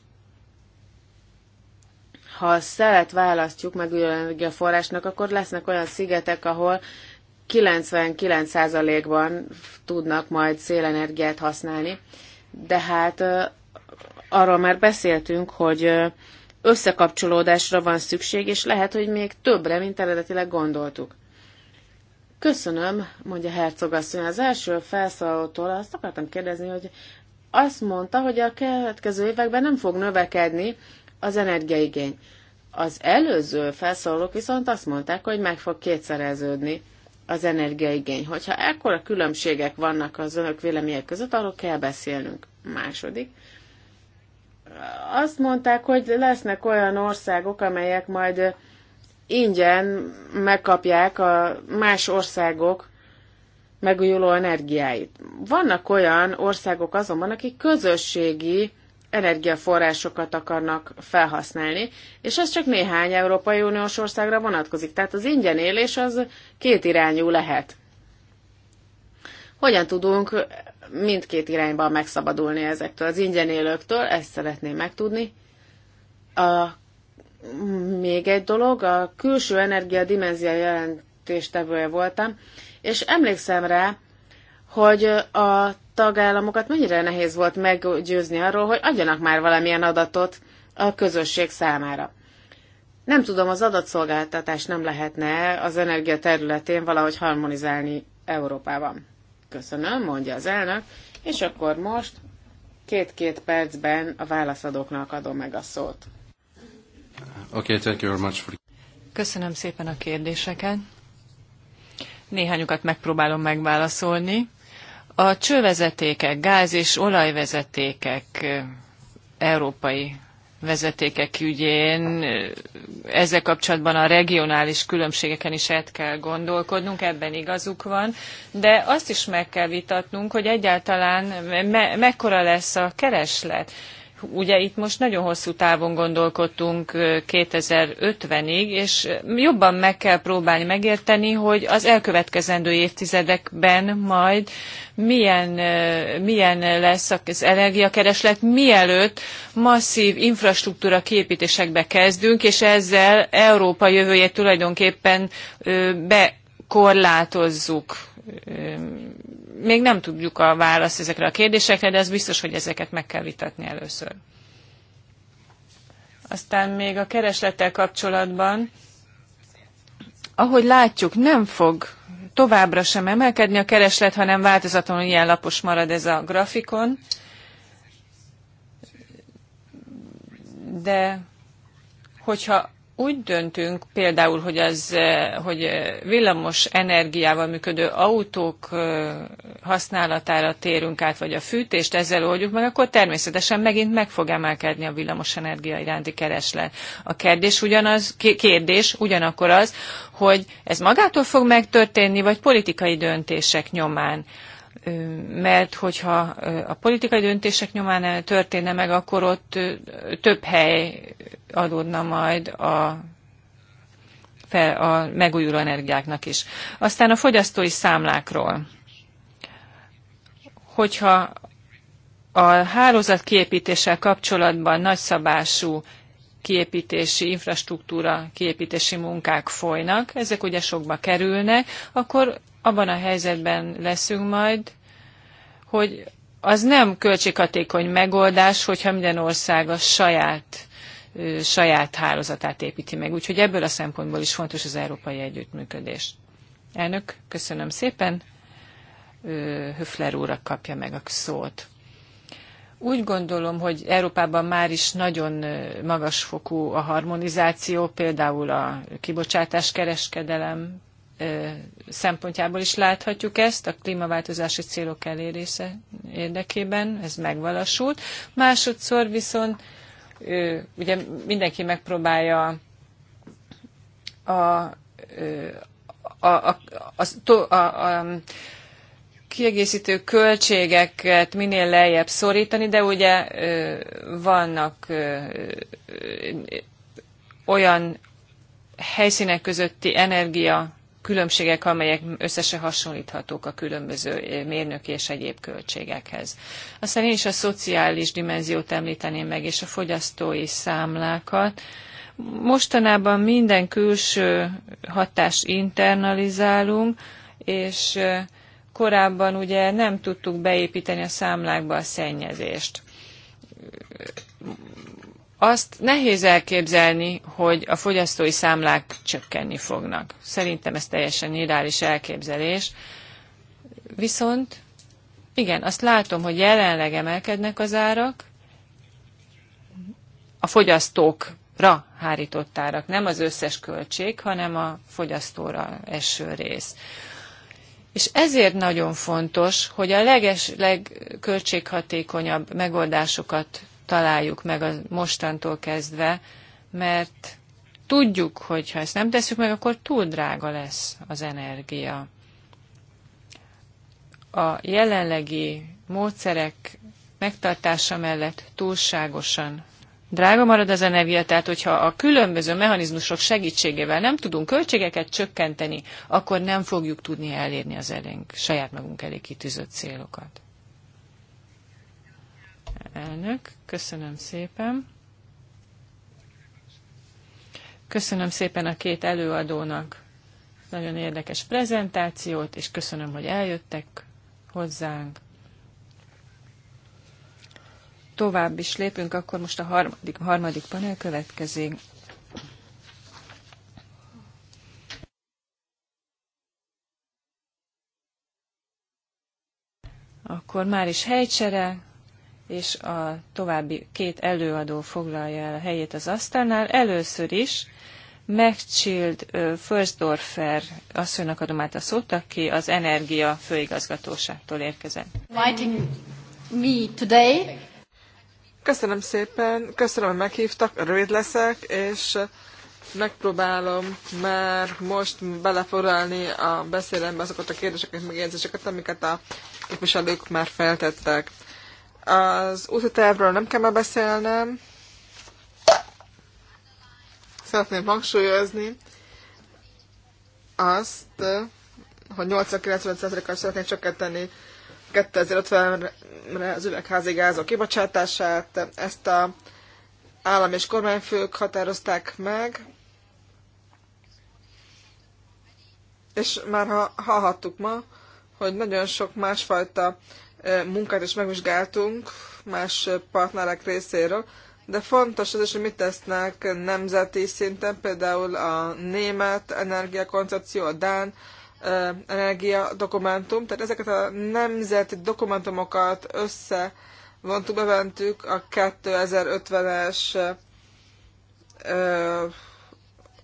Ha a szelet választjuk megújuló energiaforrásnak, akkor lesznek olyan szigetek, ahol 99%-ban tudnak majd szélenergiát használni, de hát arról már beszéltünk, hogy összekapcsolódásra van szükség, és lehet, hogy még többre, mint eredetileg gondoltuk. Köszönöm, mondja Hercog asszony. Az első felszólalótól azt akartam kérdezni, hogy azt mondta, hogy a következő években nem fog növekedni az energiaigény. Az előző felszólók viszont azt mondták, hogy meg fog kétszereződni az energiaigény. Hogyha ekkora különbségek vannak az önök vélemények között, arról kell beszélnünk. Második. Azt mondták, hogy lesznek olyan országok, amelyek majd ingyen megkapják a más országok megújuló energiáit. Vannak olyan országok azonban, akik közösségi energiaforrásokat akarnak felhasználni, és ez csak néhány Európai Uniós országra vonatkozik. Tehát az ingyen élés az két irányú lehet. Hogyan tudunk mindkét irányban megszabadulni ezektől az ingyen élőktől, ezt szeretném megtudni. A, még egy dolog, a külső energia dimenzió jelentéstevője voltam, és emlékszem rá, hogy a tagállamokat mennyire nehéz volt meggyőzni arról, hogy adjanak már valamilyen adatot a közösség számára. Nem tudom, az adatszolgáltatás nem lehetne az energia területén valahogy harmonizálni Európában. Köszönöm, mondja az elnök, és akkor most két-két percben a válaszadóknak adom meg a szót. Okay, thank you very much for... Köszönöm szépen a kérdéseket. Néhányukat megpróbálom megválaszolni. A csővezetékek, gáz- és olajvezetékek európai vezetékek ügyén. Ezzel kapcsolatban a regionális különbségeken is el kell gondolkodnunk, ebben igazuk van, de azt is meg kell vitatnunk, hogy egyáltalán me- mekkora lesz a kereslet ugye itt most nagyon hosszú távon gondolkodtunk 2050-ig, és jobban meg kell próbálni megérteni, hogy az elkövetkezendő évtizedekben majd milyen, milyen lesz az energiakereslet, mielőtt masszív infrastruktúra kiépítésekbe kezdünk, és ezzel Európa jövőjét tulajdonképpen be korlátozzuk. Még nem tudjuk a választ ezekre a kérdésekre, de ez biztos, hogy ezeket meg kell vitatni először. Aztán még a kereslettel kapcsolatban, ahogy látjuk, nem fog továbbra sem emelkedni a kereslet, hanem változatlanul ilyen lapos marad ez a grafikon. De hogyha úgy döntünk például, hogy, az, eh, hogy eh, villamos energiával működő autók eh, használatára térünk át, vagy a fűtést ezzel oldjuk meg, akkor természetesen megint meg fog emelkedni a villamos energia iránti kereslet. A kérdés ugyanaz, kérdés ugyanakkor az, hogy ez magától fog megtörténni, vagy politikai döntések nyomán mert hogyha a politikai döntések nyomán történne meg, akkor ott több hely adódna majd a a megújuló energiáknak is. Aztán a fogyasztói számlákról. Hogyha a hálózat kiépítéssel kapcsolatban nagyszabású kiépítési, infrastruktúra kiépítési munkák folynak, ezek ugye sokba kerülnek, akkor abban a helyzetben leszünk majd, hogy az nem költséghatékony megoldás, hogyha minden ország a saját saját hálózatát építi meg. Úgyhogy ebből a szempontból is fontos az európai együttműködés. Elnök, köszönöm szépen. Höfler úr kapja meg a szót. Úgy gondolom, hogy Európában már is nagyon magas fokú a harmonizáció, például a kibocsátáskereskedelem szempontjából is láthatjuk ezt, a klímaváltozási célok elérése érdekében, ez megvalósult. Másodszor viszont ugye mindenki megpróbálja a, a, a, a, a, a kiegészítő költségeket minél lejjebb szorítani, de ugye vannak olyan helyszínek közötti energia különbségek, amelyek összesen hasonlíthatók a különböző eh, mérnöki és egyéb költségekhez. Aztán én is a szociális dimenziót említeném meg, és a fogyasztói számlákat. Mostanában minden külső hatást internalizálunk, és eh, korábban ugye nem tudtuk beépíteni a számlákba a szennyezést azt nehéz elképzelni, hogy a fogyasztói számlák csökkenni fognak. Szerintem ez teljesen irális elképzelés. Viszont igen, azt látom, hogy jelenleg emelkednek az árak, a fogyasztókra hárított árak, nem az összes költség, hanem a fogyasztóra eső rész. És ezért nagyon fontos, hogy a leges, legköltséghatékonyabb megoldásokat találjuk meg a mostantól kezdve, mert tudjuk, hogy ha ezt nem tesszük meg, akkor túl drága lesz az energia. A jelenlegi módszerek megtartása mellett túlságosan drága marad az energia, tehát hogyha a különböző mechanizmusok segítségével nem tudunk költségeket csökkenteni, akkor nem fogjuk tudni elérni az elénk, saját magunk elé kitűzött célokat. Elnök, köszönöm szépen. Köszönöm szépen a két előadónak nagyon érdekes prezentációt, és köszönöm, hogy eljöttek hozzánk. Tovább is lépünk, akkor most a harmadik, harmadik panel következik. Akkor már is helycsere, és a további két előadó foglalja el a helyét az asztalnál. Először is Megchild Försdorfer asszonynak adom át a szót, aki az Energia főigazgatóságtól érkezett. Me today. Köszönöm szépen, köszönöm, hogy meghívtak, rövid leszek, és megpróbálom már most belefoglalni a beszélembe azokat a kérdéseket, megjegyzéseket, amiket a képviselők már feltettek. Az útitávról nem kell már beszélnem. Szeretném hangsúlyozni azt, hogy 80-90%-kal szeretném csökkenteni 2050-re az üvegházi gázok kibocsátását. Ezt a állam és kormányfők határozták meg, és már ha hallhattuk ma, hogy nagyon sok másfajta munkát is megvizsgáltunk más partnerek részéről, de fontos az is, hogy mit tesznek nemzeti szinten, például a német energiakoncepció, a Dán energia dokumentum, tehát ezeket a nemzeti dokumentumokat összevontuk, beventük a 2050-es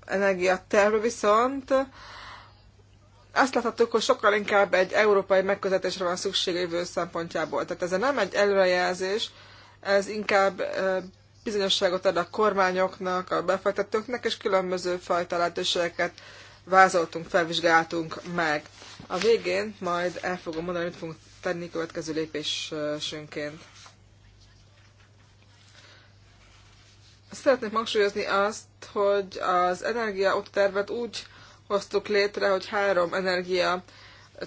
energiatervbe, viszont azt láthattuk, hogy sokkal inkább egy európai megközelítésre van szükség jövő szempontjából. Tehát ez nem egy előrejelzés, ez inkább bizonyosságot ad a kormányoknak, a befektetőknek, és különböző fajta lehetőségeket vázoltunk, felvizsgáltunk meg. A végén majd el fogom mondani, mit fogunk tenni következő lépésünként. Szeretnék hangsúlyozni azt, hogy az energia tervet úgy hoztuk létre, hogy három energia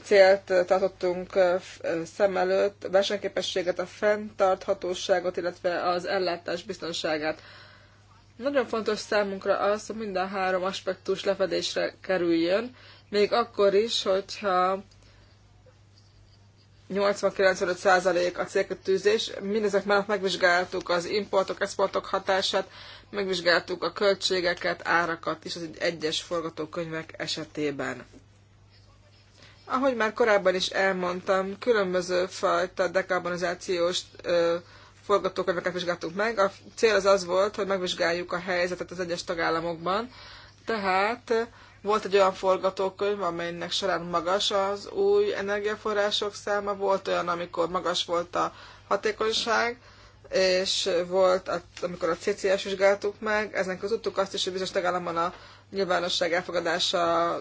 célt tartottunk szem előtt, versenyképességet, a fenntarthatóságot, illetve az ellátás biztonságát. Nagyon fontos számunkra az, hogy minden három aspektus lefedésre kerüljön, még akkor is, hogyha 80-95% a célkötőzés. Mindezek mellett megvizsgáltuk az importok, exportok hatását, megvizsgáltuk a költségeket, árakat is az egyes forgatókönyvek esetében. Ahogy már korábban is elmondtam, különböző fajta dekarbonizációs ö, forgatókönyveket vizsgáltunk meg. A cél az az volt, hogy megvizsgáljuk a helyzetet az egyes tagállamokban. Tehát volt egy olyan forgatókönyv, amelynek során magas az új energiaforrások száma, volt olyan, amikor magas volt a hatékonyság, és volt, hát, amikor a CCS vizsgáltuk meg, ezen tudtuk azt is, hogy bizonyos tagállamban a nyilvánosság elfogadása,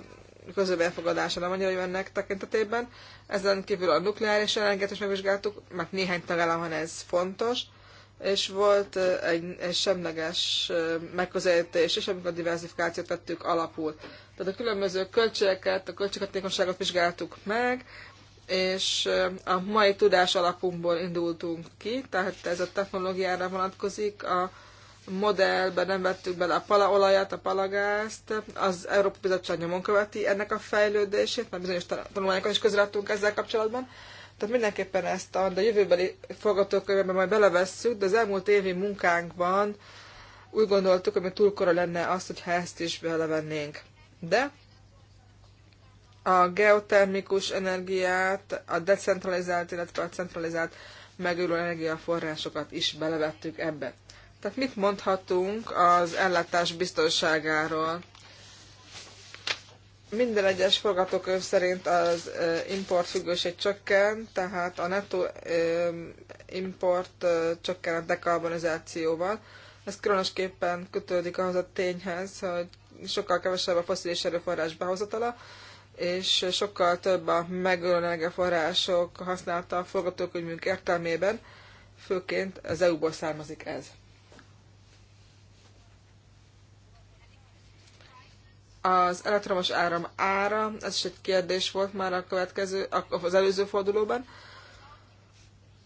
közöbb elfogadása nem annyira jönnek tekintetében. Ezen kívül a nukleáris energiát is megvizsgáltuk, mert néhány tagállamban ez fontos, és volt egy, egy semleges megközelítés és amikor a diversifikációt vettük alapul. Tehát a különböző költségeket, a költséghatékonyságot vizsgáltuk meg, és a mai tudás alapunkból indultunk ki, tehát ez a technológiára vonatkozik, a modellben nem vettük bele a palaolajat, a palagázt, az Európa Bizottság nyomon követi ennek a fejlődését, mert bizonyos tanulmányokat is közreadtunk ezzel kapcsolatban, tehát mindenképpen ezt a, de jövőbeli forgatókönyvben majd belevesszük, de az elmúlt évi munkánkban úgy gondoltuk, hogy túl kora lenne azt, hogy ezt is belevennénk. De a geotermikus energiát, a decentralizált, illetve a centralizált megülő energiaforrásokat is belevettük ebbe. Tehát mit mondhatunk az ellátás biztonságáról? Minden egyes forgatókönyv szerint az importfüggőség csökken, tehát a netto import csökken a dekarbonizációval. Ez különösképpen kötődik ahhoz a tényhez, hogy sokkal kevesebb a foszilis erőforrás behozatala, és sokkal több a megölő energiaforrások használata a forgatókönyvünk értelmében, főként az EU-ból származik ez. Az elektromos áram ára, ez is egy kérdés volt már a következő, az előző fordulóban.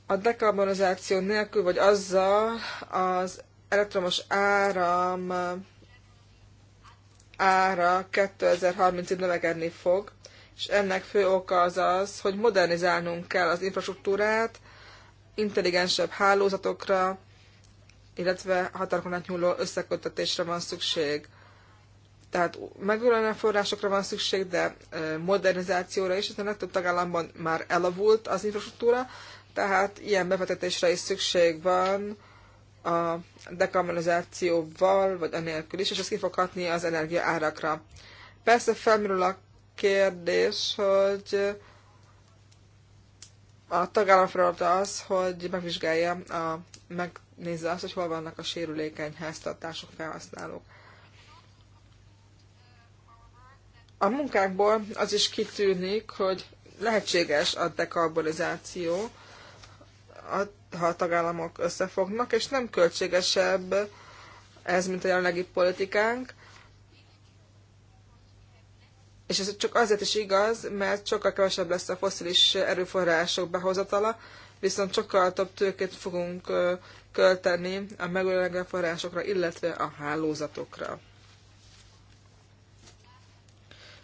A dekarbonizáció nélkül, vagy azzal az elektromos áram ára 2030-ig növekedni fog, és ennek fő oka az az, hogy modernizálnunk kell az infrastruktúrát, intelligensebb hálózatokra, illetve határokon átnyúló összeköttetésre van szükség. Tehát megújuló forrásokra van szükség, de modernizációra is, hiszen a legtöbb tagállamban már elavult az infrastruktúra, tehát ilyen befektetésre is szükség van, a dekarbonizációval, vagy anélkül is, és ez hatni az energia árakra. Persze felmerül a kérdés, hogy a tagállam feladata az, hogy megvizsgálja, a, megnézze azt, hogy hol vannak a sérülékeny háztartások, felhasználók. A munkákból az is kitűnik, hogy lehetséges a dekarbonizáció, a ha a tagállamok összefognak, és nem költségesebb ez, mint a jelenlegi politikánk. És ez csak azért is igaz, mert sokkal kevesebb lesz a foszilis erőforrások behozatala, viszont sokkal több tőkét fogunk költeni a megújuló erőforrásokra, illetve a hálózatokra.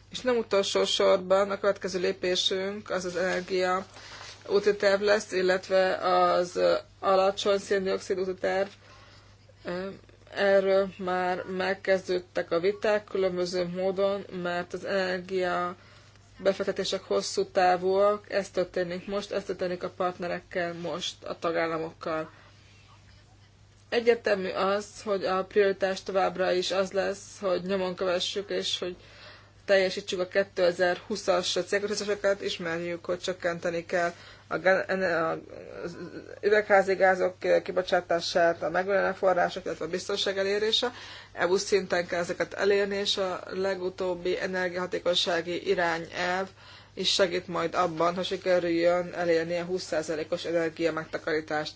És nem utolsó sorban a következő lépésünk az az energia útiterv lesz, illetve az alacsony széndiokszid útiterv. Erről már megkezdődtek a viták különböző módon, mert az energia befektetések hosszú távúak, ez történik most, ez történik a partnerekkel most, a tagállamokkal. Egyértelmű az, hogy a prioritás továbbra is az lesz, hogy nyomon kövessük, és hogy teljesítsük a 2020-as célkötőzéseket, ismerjük, hogy csökkenteni kell a, a, az üvegházi gázok kibocsátását, a megújuló források, illetve a biztonság elérése. EU szinten kell ezeket elérni, és a legutóbbi energiahatékonysági irányelv is segít majd abban, hogy sikerüljön elérni a 20%-os energia megtakarítást.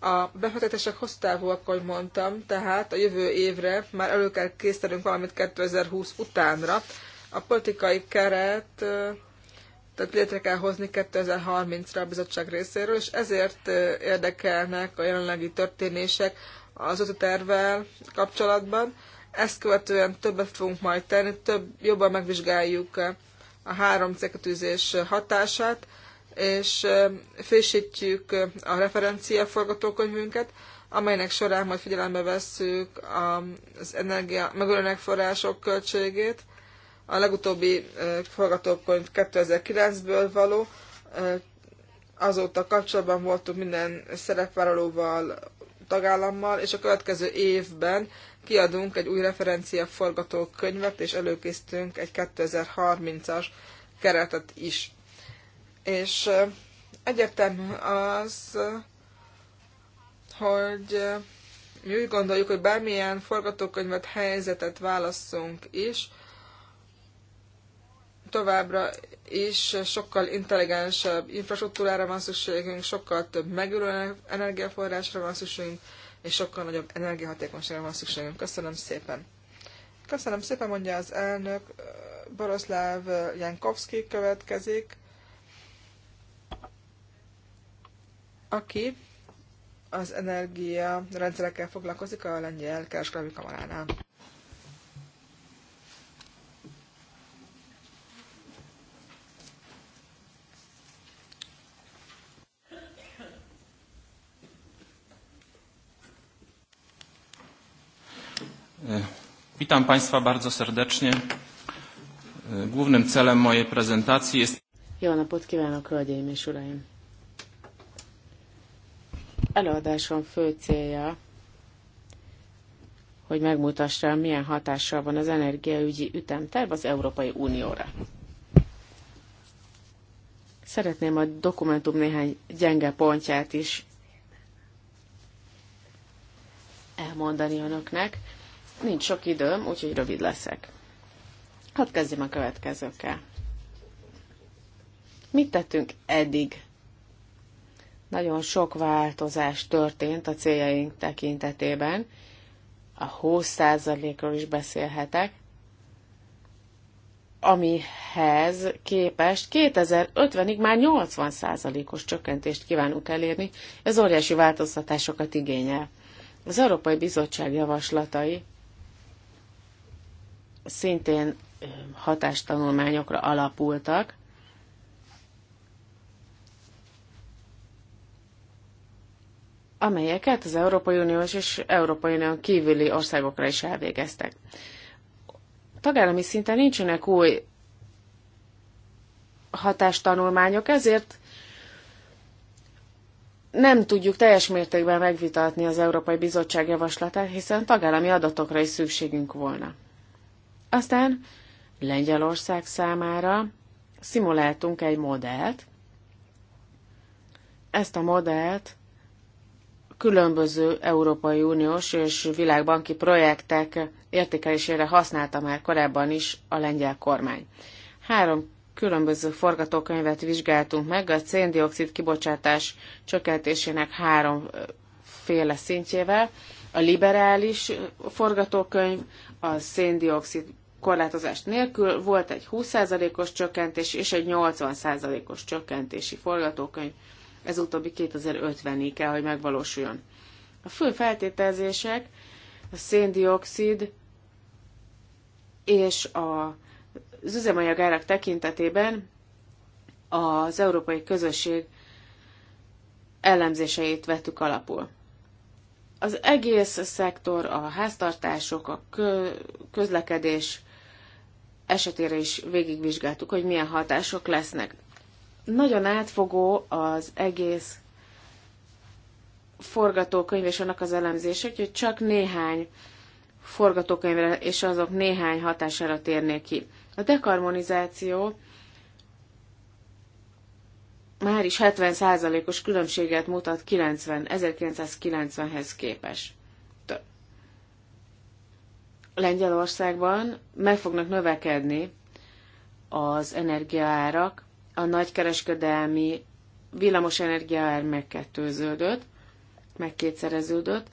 A befektetések hosszú távúak, ahogy mondtam, tehát a jövő évre már elő kell készítenünk valamit 2020 utánra, a politikai keret tehát létre kell hozni 2030-ra a bizottság részéről, és ezért érdekelnek a jelenlegi történések az ott tervvel kapcsolatban. Ezt követően többet fogunk majd tenni, több, jobban megvizsgáljuk a három célkötűzés hatását, és frissítjük a referencia forgatókönyvünket, amelynek során majd figyelembe vesszük az energia megölőnek források költségét, a legutóbbi forgatókönyv 2009-ből való, azóta kapcsolatban voltunk minden szerepvállalóval, tagállammal, és a következő évben kiadunk egy új referencia forgatókönyvet, és előkészítünk egy 2030-as keretet is. És egyértelmű az, hogy mi úgy gondoljuk, hogy bármilyen forgatókönyvet, helyzetet válasszunk is, továbbra is sokkal intelligensebb infrastruktúrára van szükségünk, sokkal több megülő energiaforrásra van szükségünk, és sokkal nagyobb energiahatékonyságra van szükségünk. Köszönöm szépen! Köszönöm szépen, mondja az elnök. Boroszláv Jankowski következik, aki az energia rendszerekkel foglalkozik a Lengyel Kereskedelmi Kamaránál. E, witam Państwa bardzo serdecznie. E, głównym celem mojej prezentacji jest... Jó napot kívánok, hölgyeim és uraim! Előadásom fő célja, hogy megmutassam, milyen hatással van az energiaügyi ütemterv az Európai Unióra. Szeretném a dokumentum néhány gyenge pontját is elmondani önöknek, Nincs sok időm, úgyhogy rövid leszek. Hadd kezdjem a következőkkel. Mit tettünk eddig? Nagyon sok változás történt a céljaink tekintetében. A 20%-ról is beszélhetek, amihez képest 2050-ig már 80%-os csökkentést kívánunk elérni. Ez óriási változtatásokat igényel. Az Európai Bizottság javaslatai szintén hatástanulmányokra alapultak, amelyeket az Európai Uniós és Európai Unión kívüli országokra is elvégeztek. Tagállami szinten nincsenek új hatástanulmányok, ezért nem tudjuk teljes mértékben megvitatni az Európai Bizottság javaslatát, hiszen tagállami adatokra is szükségünk volna. Aztán Lengyelország számára szimuláltunk egy modellt. Ezt a modellt különböző Európai Uniós és világbanki projektek értékelésére használta már korábban is a lengyel kormány. Három különböző forgatókönyvet vizsgáltunk meg, a széndiokszid kibocsátás csökkentésének három féle szintjével, a liberális forgatókönyv, a széndiokszid korlátozás nélkül, volt egy 20%-os csökkentés és egy 80%-os csökkentési forgatókönyv, ez utóbbi 2050-ig kell, hogy megvalósuljon. A fő feltételezések a széndiokszid és a, az árak tekintetében az európai közösség ellenzéseit vettük alapul. Az egész szektor, a háztartások, a közlekedés esetére is végigvizsgáltuk, hogy milyen hatások lesznek. Nagyon átfogó az egész forgatókönyv és annak az elemzése, hogy csak néhány forgatókönyvre és azok néhány hatására térnék ki. A dekarmonizáció már is 70%-os különbséget mutat 90, 1990-hez képest. Lengyelországban meg fognak növekedni az energiaárak, a nagykereskedelmi villamos energiaár megkettőződött, megkétszereződött,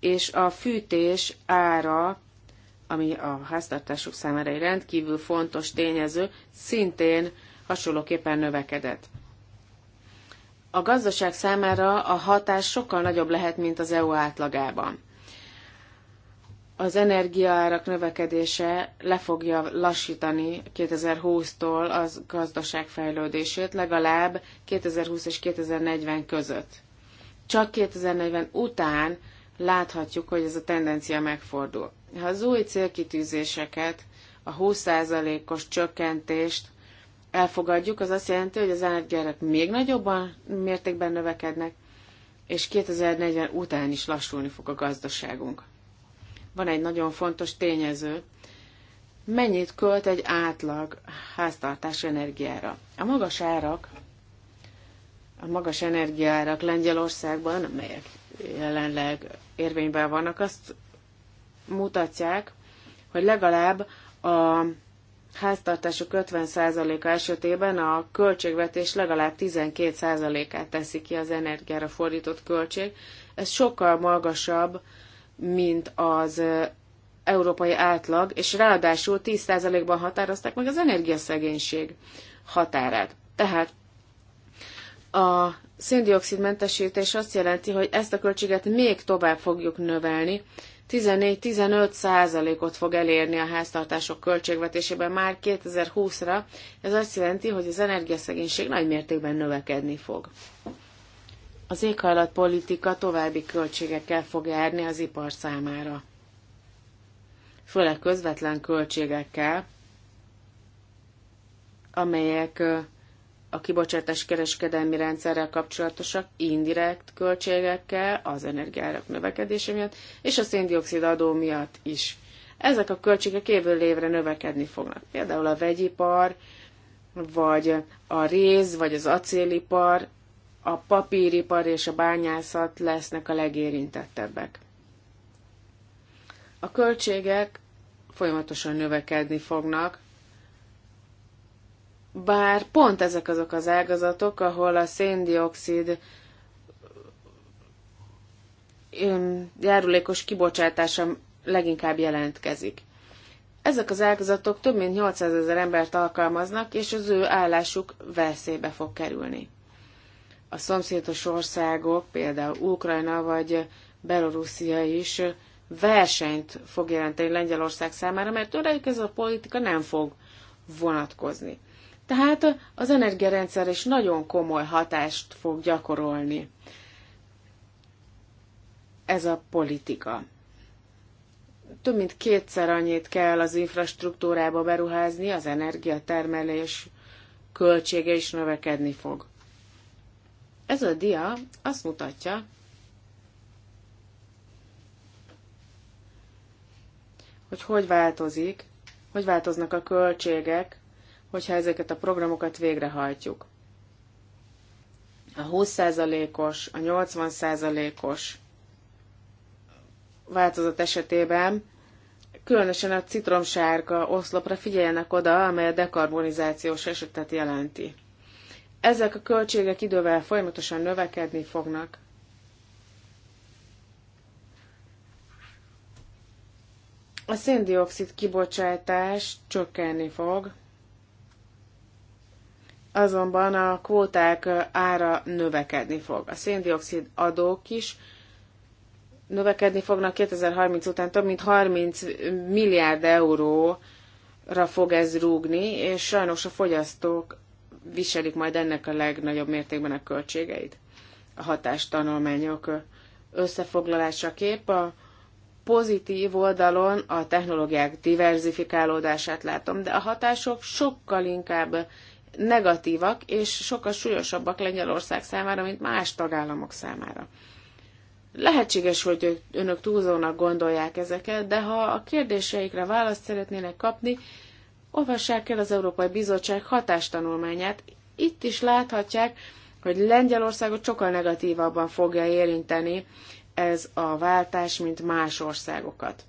és a fűtés ára, ami a háztartások számára egy rendkívül fontos tényező, szintén hasonlóképpen növekedett. A gazdaság számára a hatás sokkal nagyobb lehet, mint az EU átlagában az energiaárak növekedése le fogja lassítani 2020-tól az gazdaság fejlődését, legalább 2020 és 2040 között. Csak 2040 után láthatjuk, hogy ez a tendencia megfordul. Ha az új célkitűzéseket, a 20%-os csökkentést elfogadjuk, az azt jelenti, hogy az energiaárak még nagyobban mértékben növekednek, és 2040 után is lassulni fog a gazdaságunk van egy nagyon fontos tényező, mennyit költ egy átlag háztartás energiára. A magas árak, a magas energiárak Lengyelországban, melyek jelenleg érvényben vannak, azt mutatják, hogy legalább a háztartások 50%-a esetében a költségvetés legalább 12%-át teszi ki az energiára fordított költség. Ez sokkal magasabb mint az európai átlag, és ráadásul 10%-ban határozták meg az energiaszegénység határát. Tehát a széndiokszidmentesítés azt jelenti, hogy ezt a költséget még tovább fogjuk növelni, 14-15 százalékot fog elérni a háztartások költségvetésében már 2020-ra. Ez azt jelenti, hogy az energiaszegénység nagy mértékben növekedni fog. Az éghajlatpolitika további költségekkel fog járni az ipar számára. Főleg közvetlen költségekkel, amelyek a kibocsátás kereskedelmi rendszerrel kapcsolatosak, indirekt költségekkel, az energiárak növekedése miatt, és a széndiokszid adó miatt is. Ezek a költségek évről évre növekedni fognak. Például a vegyipar, vagy a réz, vagy az acélipar a papíripar és a bányászat lesznek a legérintettebbek. A költségek folyamatosan növekedni fognak, bár pont ezek azok az ágazatok, ahol a széndiokszid járulékos kibocsátása leginkább jelentkezik. Ezek az ágazatok több mint 800 ezer embert alkalmaznak, és az ő állásuk veszélybe fog kerülni a szomszédos országok, például Ukrajna vagy Belorusszia is versenyt fog jelenteni Lengyelország számára, mert tőlejük ez a politika nem fog vonatkozni. Tehát az energiarendszer is nagyon komoly hatást fog gyakorolni ez a politika. Több mint kétszer annyit kell az infrastruktúrába beruházni, az energiatermelés költsége is növekedni fog. Ez a dia azt mutatja, hogy hogy változik, hogy változnak a költségek, hogyha ezeket a programokat végrehajtjuk. A 20%-os, a 80%-os változat esetében különösen a citromsárga oszlopra figyeljenek oda, amely a dekarbonizációs esetet jelenti. Ezek a költségek idővel folyamatosan növekedni fognak. A széndiokszid kibocsátás csökkenni fog, azonban a kvóták ára növekedni fog. A széndiokszid adók is növekedni fognak 2030 után, több mint 30 milliárd euróra fog ez rúgni, és sajnos a fogyasztók viselik majd ennek a legnagyobb mértékben a költségeit. A hatástanulmányok kép a pozitív oldalon a technológiák diverzifikálódását látom, de a hatások sokkal inkább negatívak és sokkal súlyosabbak Lengyelország számára, mint más tagállamok számára. Lehetséges, hogy önök túlzónak gondolják ezeket, de ha a kérdéseikre választ szeretnének kapni, Olvassák el az Európai Bizottság hatástanulmányát. Itt is láthatják, hogy Lengyelországot sokkal negatívabban fogja érinteni ez a váltás, mint más országokat.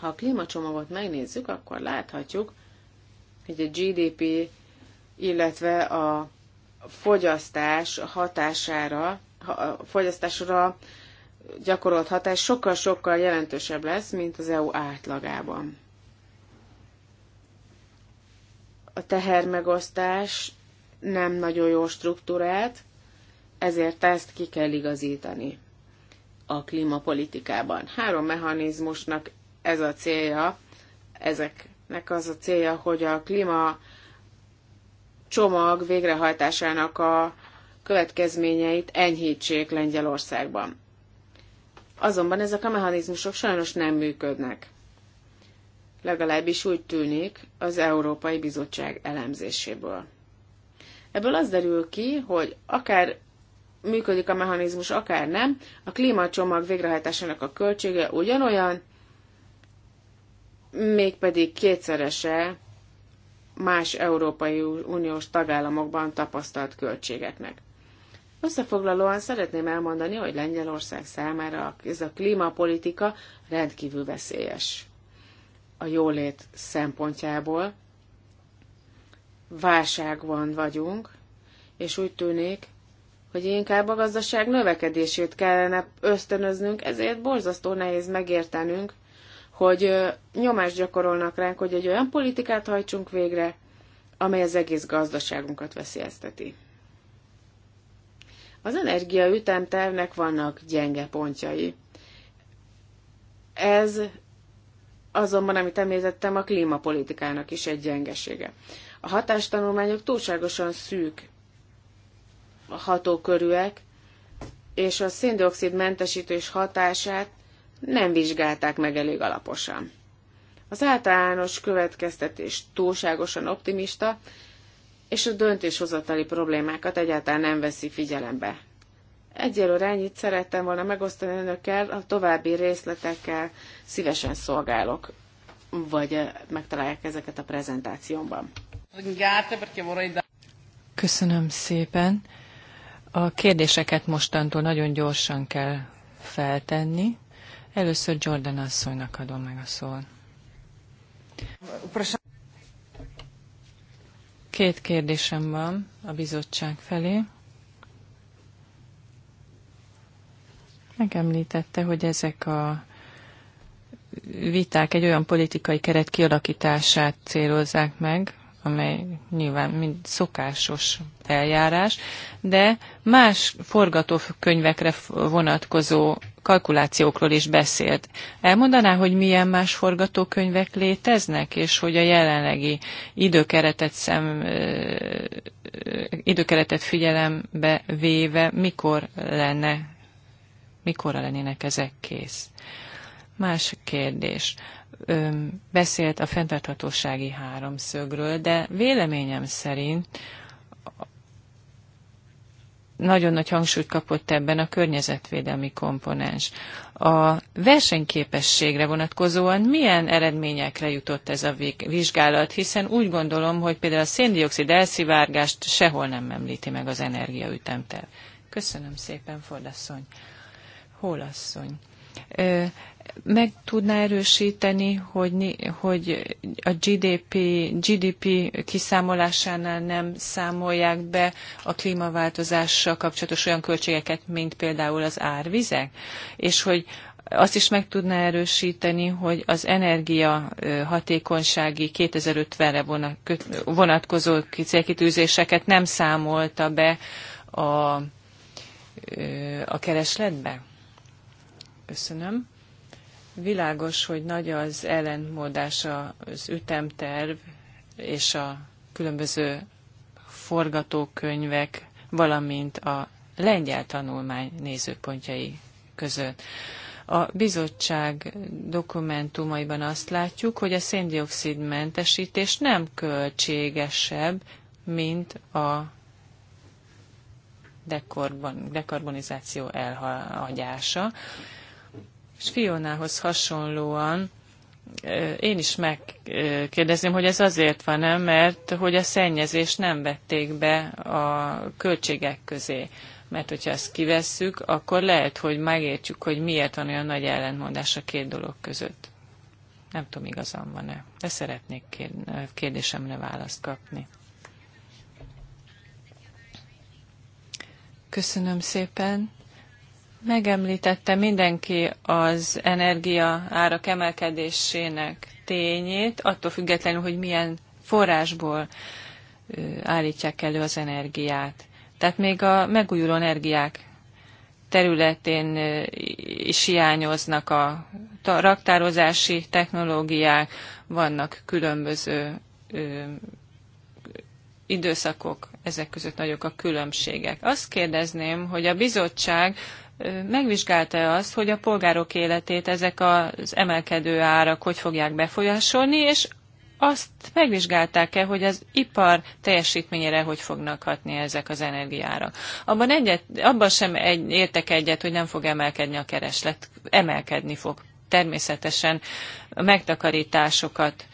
Ha a klímacsomagot megnézzük, akkor láthatjuk, hogy a GDP, illetve a fogyasztás hatására, a fogyasztásra gyakorolt hatás sokkal-sokkal jelentősebb lesz, mint az EU átlagában. a tehermegosztás nem nagyon jó struktúrát, ezért ezt ki kell igazítani a klímapolitikában. Három mechanizmusnak ez a célja, ezeknek az a célja, hogy a klíma csomag végrehajtásának a következményeit enyhítsék Lengyelországban. Azonban ezek a mechanizmusok sajnos nem működnek legalábbis úgy tűnik az Európai Bizottság elemzéséből. Ebből az derül ki, hogy akár működik a mechanizmus, akár nem, a klímacsomag végrehajtásának a költsége ugyanolyan, mégpedig kétszerese más Európai Uniós tagállamokban tapasztalt költségeknek. Összefoglalóan szeretném elmondani, hogy Lengyelország számára ez a klímapolitika rendkívül veszélyes a jólét szempontjából. Válságban vagyunk, és úgy tűnik, hogy inkább a gazdaság növekedését kellene ösztönöznünk, ezért borzasztó nehéz megértenünk, hogy nyomást gyakorolnak ránk, hogy egy olyan politikát hajtsunk végre, amely az egész gazdaságunkat veszélyezteti. Az energiaütemtervnek vannak gyenge pontjai. Ez azonban, amit említettem, a klímapolitikának is egy gyengesége. A hatástanulmányok túlságosan szűk hatókörűek, és a széndiokszid mentesítés hatását nem vizsgálták meg elég alaposan. Az általános következtetés túlságosan optimista, és a döntéshozatali problémákat egyáltalán nem veszi figyelembe. Egyelőre ennyit szerettem volna megosztani önökkel, a további részletekkel szívesen szolgálok, vagy eh, megtalálják ezeket a prezentációmban. Köszönöm szépen. A kérdéseket mostantól nagyon gyorsan kell feltenni. Először Jordan asszonynak adom meg a szót. Két kérdésem van a bizottság felé. Megemlítette, hogy ezek a viták egy olyan politikai keret kialakítását célozzák meg, amely nyilván mind szokásos eljárás, de más forgatókönyvekre vonatkozó kalkulációkról is beszélt. Elmondaná, hogy milyen más forgatókönyvek léteznek, és hogy a jelenlegi időkeretet, szem, időkeretet figyelembe véve mikor lenne mikorra lennének ezek kész. Más kérdés. Ön beszélt a fenntarthatósági háromszögről, de véleményem szerint nagyon nagy hangsúlyt kapott ebben a környezetvédelmi komponens. A versenyképességre vonatkozóan milyen eredményekre jutott ez a vizsgálat, hiszen úgy gondolom, hogy például a széndiokszid elszivárgást sehol nem említi meg az energiaütemterv. Köszönöm szépen, Fordasszony asszony? Meg tudná erősíteni, hogy, hogy a GDP, GDP kiszámolásánál nem számolják be a klímaváltozással kapcsolatos olyan költségeket, mint például az árvizek, és hogy azt is meg tudná erősíteni, hogy az energia hatékonysági 2050-re vonatkozó célkitűzéseket nem számolta be a, a keresletbe? Köszönöm. Világos, hogy nagy az ellentmondás az ütemterv és a különböző forgatókönyvek, valamint a lengyel tanulmány nézőpontjai között. A bizottság dokumentumaiban azt látjuk, hogy a széndiokszid mentesítés nem költségesebb, mint a dekarbonizáció elhagyása. És Fionához hasonlóan én is megkérdezném, hogy ez azért van-e, mert hogy a szennyezést nem vették be a költségek közé. Mert hogyha ezt kivesszük, akkor lehet, hogy megértjük, hogy miért van olyan nagy ellentmondás a két dolog között. Nem tudom, igazam van-e, de szeretnék kérdésemre választ kapni. Köszönöm szépen. Megemlítette mindenki az energia árak emelkedésének tényét, attól függetlenül, hogy milyen forrásból állítják elő az energiát. Tehát még a megújuló energiák területén is hiányoznak a raktározási technológiák, vannak különböző időszakok, ezek között nagyok a különbségek. Azt kérdezném, hogy a bizottság megvizsgálta azt, hogy a polgárok életét ezek az emelkedő árak hogy fogják befolyásolni, és azt megvizsgálták-e, hogy az ipar teljesítményére hogy fognak hatni ezek az energiára. Abban, egyet, abban sem egy, értek egyet, hogy nem fog emelkedni a kereslet, emelkedni fog természetesen megtakarításokat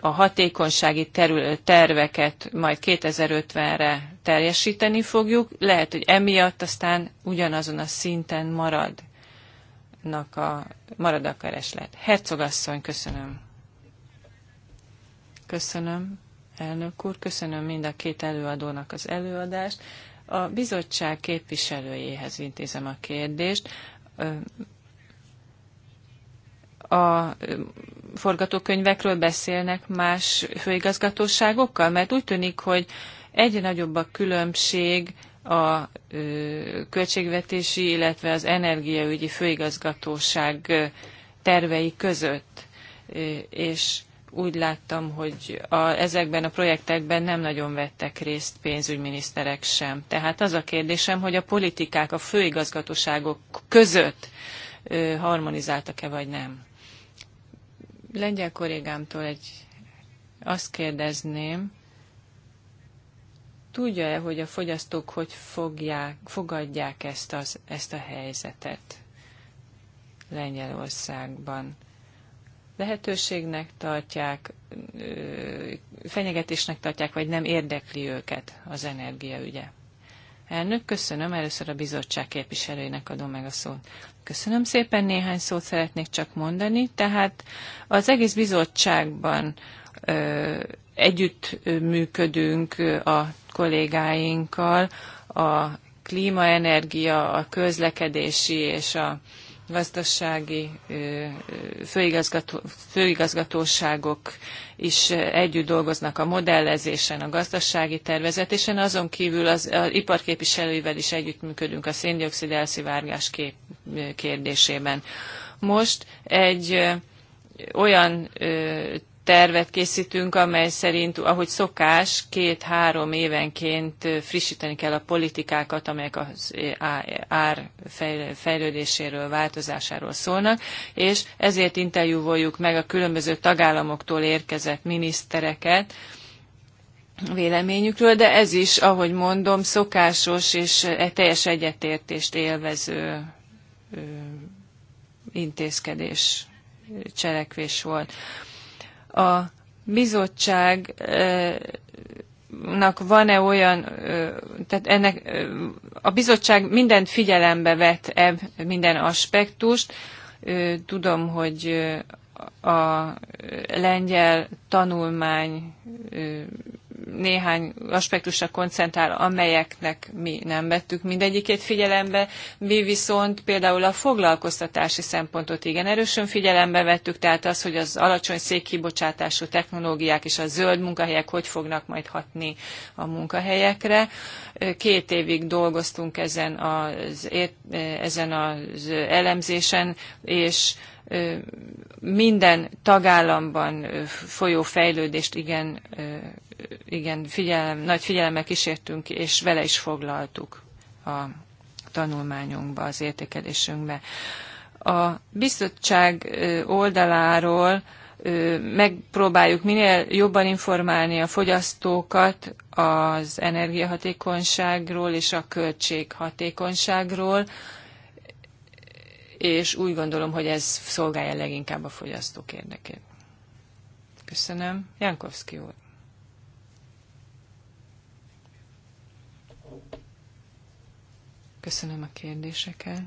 a hatékonysági terül, terveket majd 2050-re teljesíteni fogjuk. Lehet, hogy emiatt aztán ugyanazon a szinten maradnak a, marad a kereslet. Hercogasszony, köszönöm. Köszönöm, elnök úr, köszönöm mind a két előadónak az előadást. A bizottság képviselőjéhez intézem a kérdést. A forgatókönyvekről beszélnek más főigazgatóságokkal? Mert úgy tűnik, hogy egyre nagyobb a különbség a költségvetési, illetve az energiaügyi főigazgatóság tervei között. És úgy láttam, hogy a, ezekben a projektekben nem nagyon vettek részt pénzügyminiszterek sem. Tehát az a kérdésem, hogy a politikák a főigazgatóságok között harmonizáltak-e vagy nem lengyel kollégámtól egy, azt kérdezném, tudja-e, hogy a fogyasztók hogy fogják, fogadják ezt, az, ezt a helyzetet Lengyelországban? Lehetőségnek tartják, fenyegetésnek tartják, vagy nem érdekli őket az energiaügye? Elnök, köszönöm. Először a bizottság képviselőinek adom meg a szót. Köszönöm szépen, néhány szót szeretnék csak mondani. Tehát az egész bizottságban ö, együtt működünk a kollégáinkkal a klímaenergia, a közlekedési és a gazdasági főigazgató, főigazgatóságok is együtt dolgoznak a modellezésen, a gazdasági tervezetésen, azon kívül az, az iparképviselőivel is együttműködünk a széndiokszid elszivárgás kép, kérdésében. Most egy olyan tervet készítünk, amely szerint, ahogy szokás, két-három évenként frissíteni kell a politikákat, amelyek az ár fejlődéséről, változásáról szólnak, és ezért interjúvoljuk meg a különböző tagállamoktól érkezett minisztereket, véleményükről, de ez is, ahogy mondom, szokásos és e- teljes egyetértést élvező intézkedés, cselekvés volt a bizottságnak van-e olyan, tehát ennek a bizottság mindent figyelembe vett -e minden aspektust. Tudom, hogy a lengyel tanulmány néhány aspektusra koncentrál, amelyeknek mi nem vettük mindegyikét figyelembe. Mi viszont például a foglalkoztatási szempontot igen erősen figyelembe vettük, tehát az, hogy az alacsony székkibocsátású technológiák és a zöld munkahelyek hogy fognak majd hatni a munkahelyekre. Két évig dolgoztunk ezen az, ezen az elemzésen, és minden tagállamban folyó fejlődést igen, igen figyelem, nagy figyelemmel kísértünk, és vele is foglaltuk a tanulmányunkba, az értékelésünkbe. A bizottság oldaláról megpróbáljuk minél jobban informálni a fogyasztókat az energiahatékonyságról és a költséghatékonyságról, és úgy gondolom, hogy ez szolgálja leginkább a fogyasztók érdekét. Köszönöm. Jankovszki úr. Köszönöm a kérdéseket.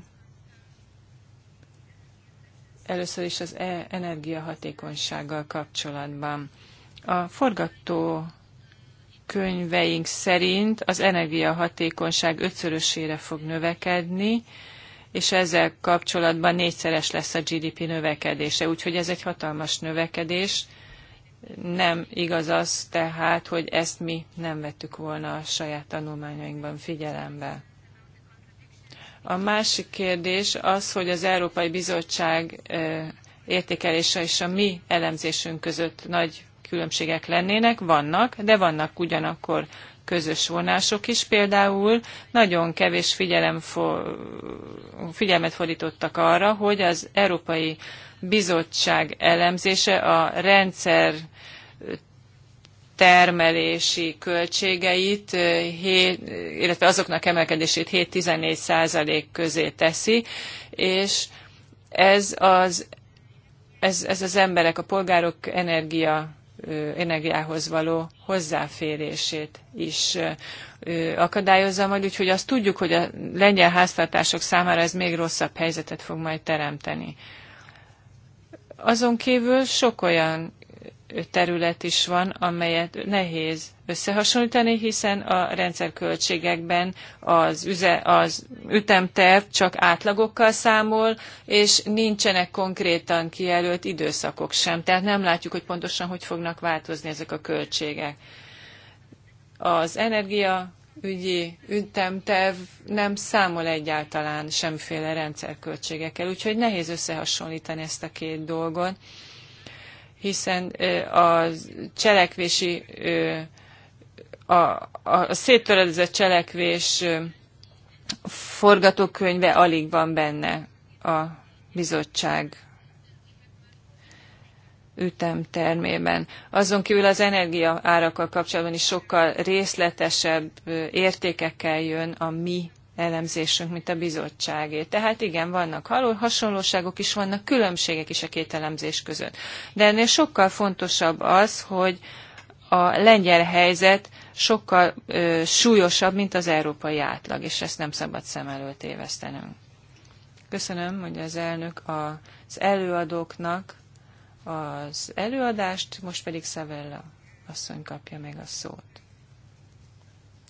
Először is az e energiahatékonysággal kapcsolatban. A forgató könyveink szerint az energiahatékonyság ötszörösére fog növekedni, és ezzel kapcsolatban négyszeres lesz a GDP növekedése. Úgyhogy ez egy hatalmas növekedés. Nem igaz az tehát, hogy ezt mi nem vettük volna a saját tanulmányainkban figyelembe. A másik kérdés az, hogy az Európai Bizottság értékelése és a mi elemzésünk között nagy különbségek lennének, vannak, de vannak ugyanakkor közös vonások is. Például nagyon kevés figyelem fo- figyelmet fordítottak arra, hogy az Európai Bizottság elemzése a rendszer termelési költségeit, eh, illetve azoknak emelkedését 7-14 százalék közé teszi, és ez az, ez, ez az emberek, a polgárok energia energiához való hozzáférését is akadályozza majd, úgyhogy azt tudjuk, hogy a lengyel háztartások számára ez még rosszabb helyzetet fog majd teremteni. Azon kívül sok olyan terület is van, amelyet nehéz összehasonlítani, hiszen a rendszerköltségekben az, üze, az ütemterv csak átlagokkal számol, és nincsenek konkrétan kijelölt időszakok sem. Tehát nem látjuk, hogy pontosan hogy fognak változni ezek a költségek. Az energia ügyi ütemterv nem számol egyáltalán semféle rendszerköltségekkel, úgyhogy nehéz összehasonlítani ezt a két dolgot, hiszen a cselekvési a, a széttöredezett cselekvés forgatókönyve alig van benne a bizottság ütemtermében. Azon kívül az energia árakkal kapcsolatban is sokkal részletesebb értékekkel jön a mi elemzésünk, mint a bizottságé. Tehát igen, vannak hasonlóságok is, vannak különbségek is a két elemzés között. De ennél sokkal fontosabb az, hogy a lengyel helyzet sokkal ö, súlyosabb, mint az európai átlag, és ezt nem szabad szem előtt évesztenünk. Köszönöm, hogy az elnök az előadóknak az előadást, most pedig Szavella asszony kapja meg a szót.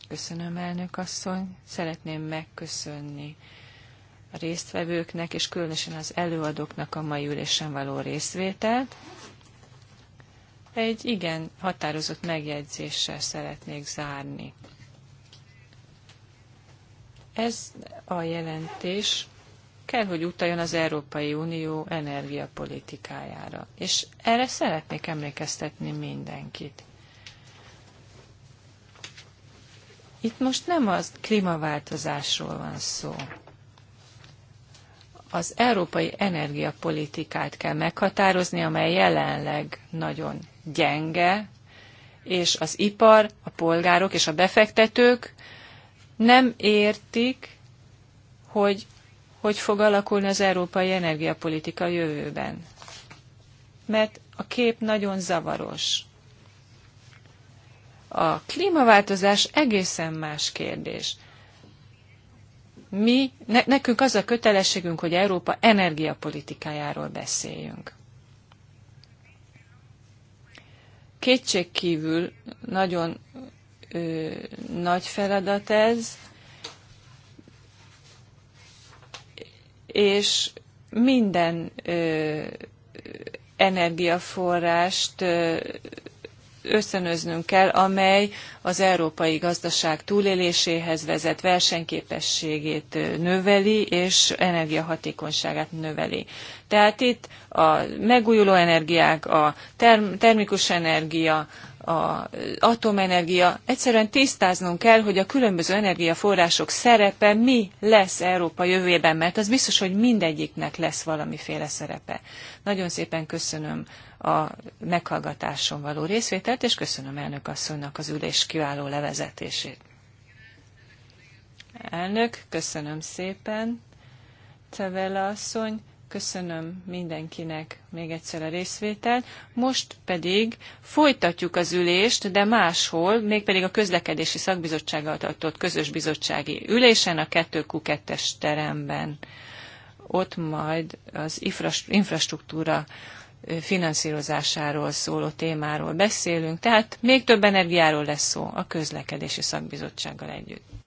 Köszönöm, elnök asszony. Szeretném megköszönni a résztvevőknek, és különösen az előadóknak a mai ülésen való részvételt egy igen határozott megjegyzéssel szeretnék zárni. Ez a jelentés kell, hogy utaljon az Európai Unió energiapolitikájára. És erre szeretnék emlékeztetni mindenkit. Itt most nem a klímaváltozásról van szó. Az európai energiapolitikát kell meghatározni, amely jelenleg nagyon gyenge, és az ipar, a polgárok és a befektetők nem értik, hogy hogy fog alakulni az európai energiapolitika jövőben. Mert a kép nagyon zavaros. A klímaváltozás egészen más kérdés. Mi, ne, nekünk az a kötelességünk, hogy Európa energiapolitikájáról beszéljünk. kívül nagyon ö, nagy feladat ez, és minden ö, energiaforrást ö, ösztönöznünk kell, amely az európai gazdaság túléléséhez vezet, versenyképességét növeli, és energiahatékonyságát növeli. Tehát itt a megújuló energiák, a term- termikus energia, a atomenergia. Egyszerűen tisztáznunk kell, hogy a különböző energiaforrások szerepe mi lesz Európa jövőjében, mert az biztos, hogy mindegyiknek lesz valamiféle szerepe. Nagyon szépen köszönöm a meghallgatáson való részvételt, és köszönöm elnök asszonynak az ülés kiváló levezetését. Elnök, köszönöm szépen. Cevele asszony, Köszönöm mindenkinek még egyszer a részvételt. Most pedig folytatjuk az ülést, de máshol, mégpedig a közlekedési szakbizottsággal tartott közös bizottsági ülésen a 2Q2-es teremben. Ott majd az infrastruktúra finanszírozásáról szóló témáról beszélünk, tehát még több energiáról lesz szó a közlekedési szakbizottsággal együtt.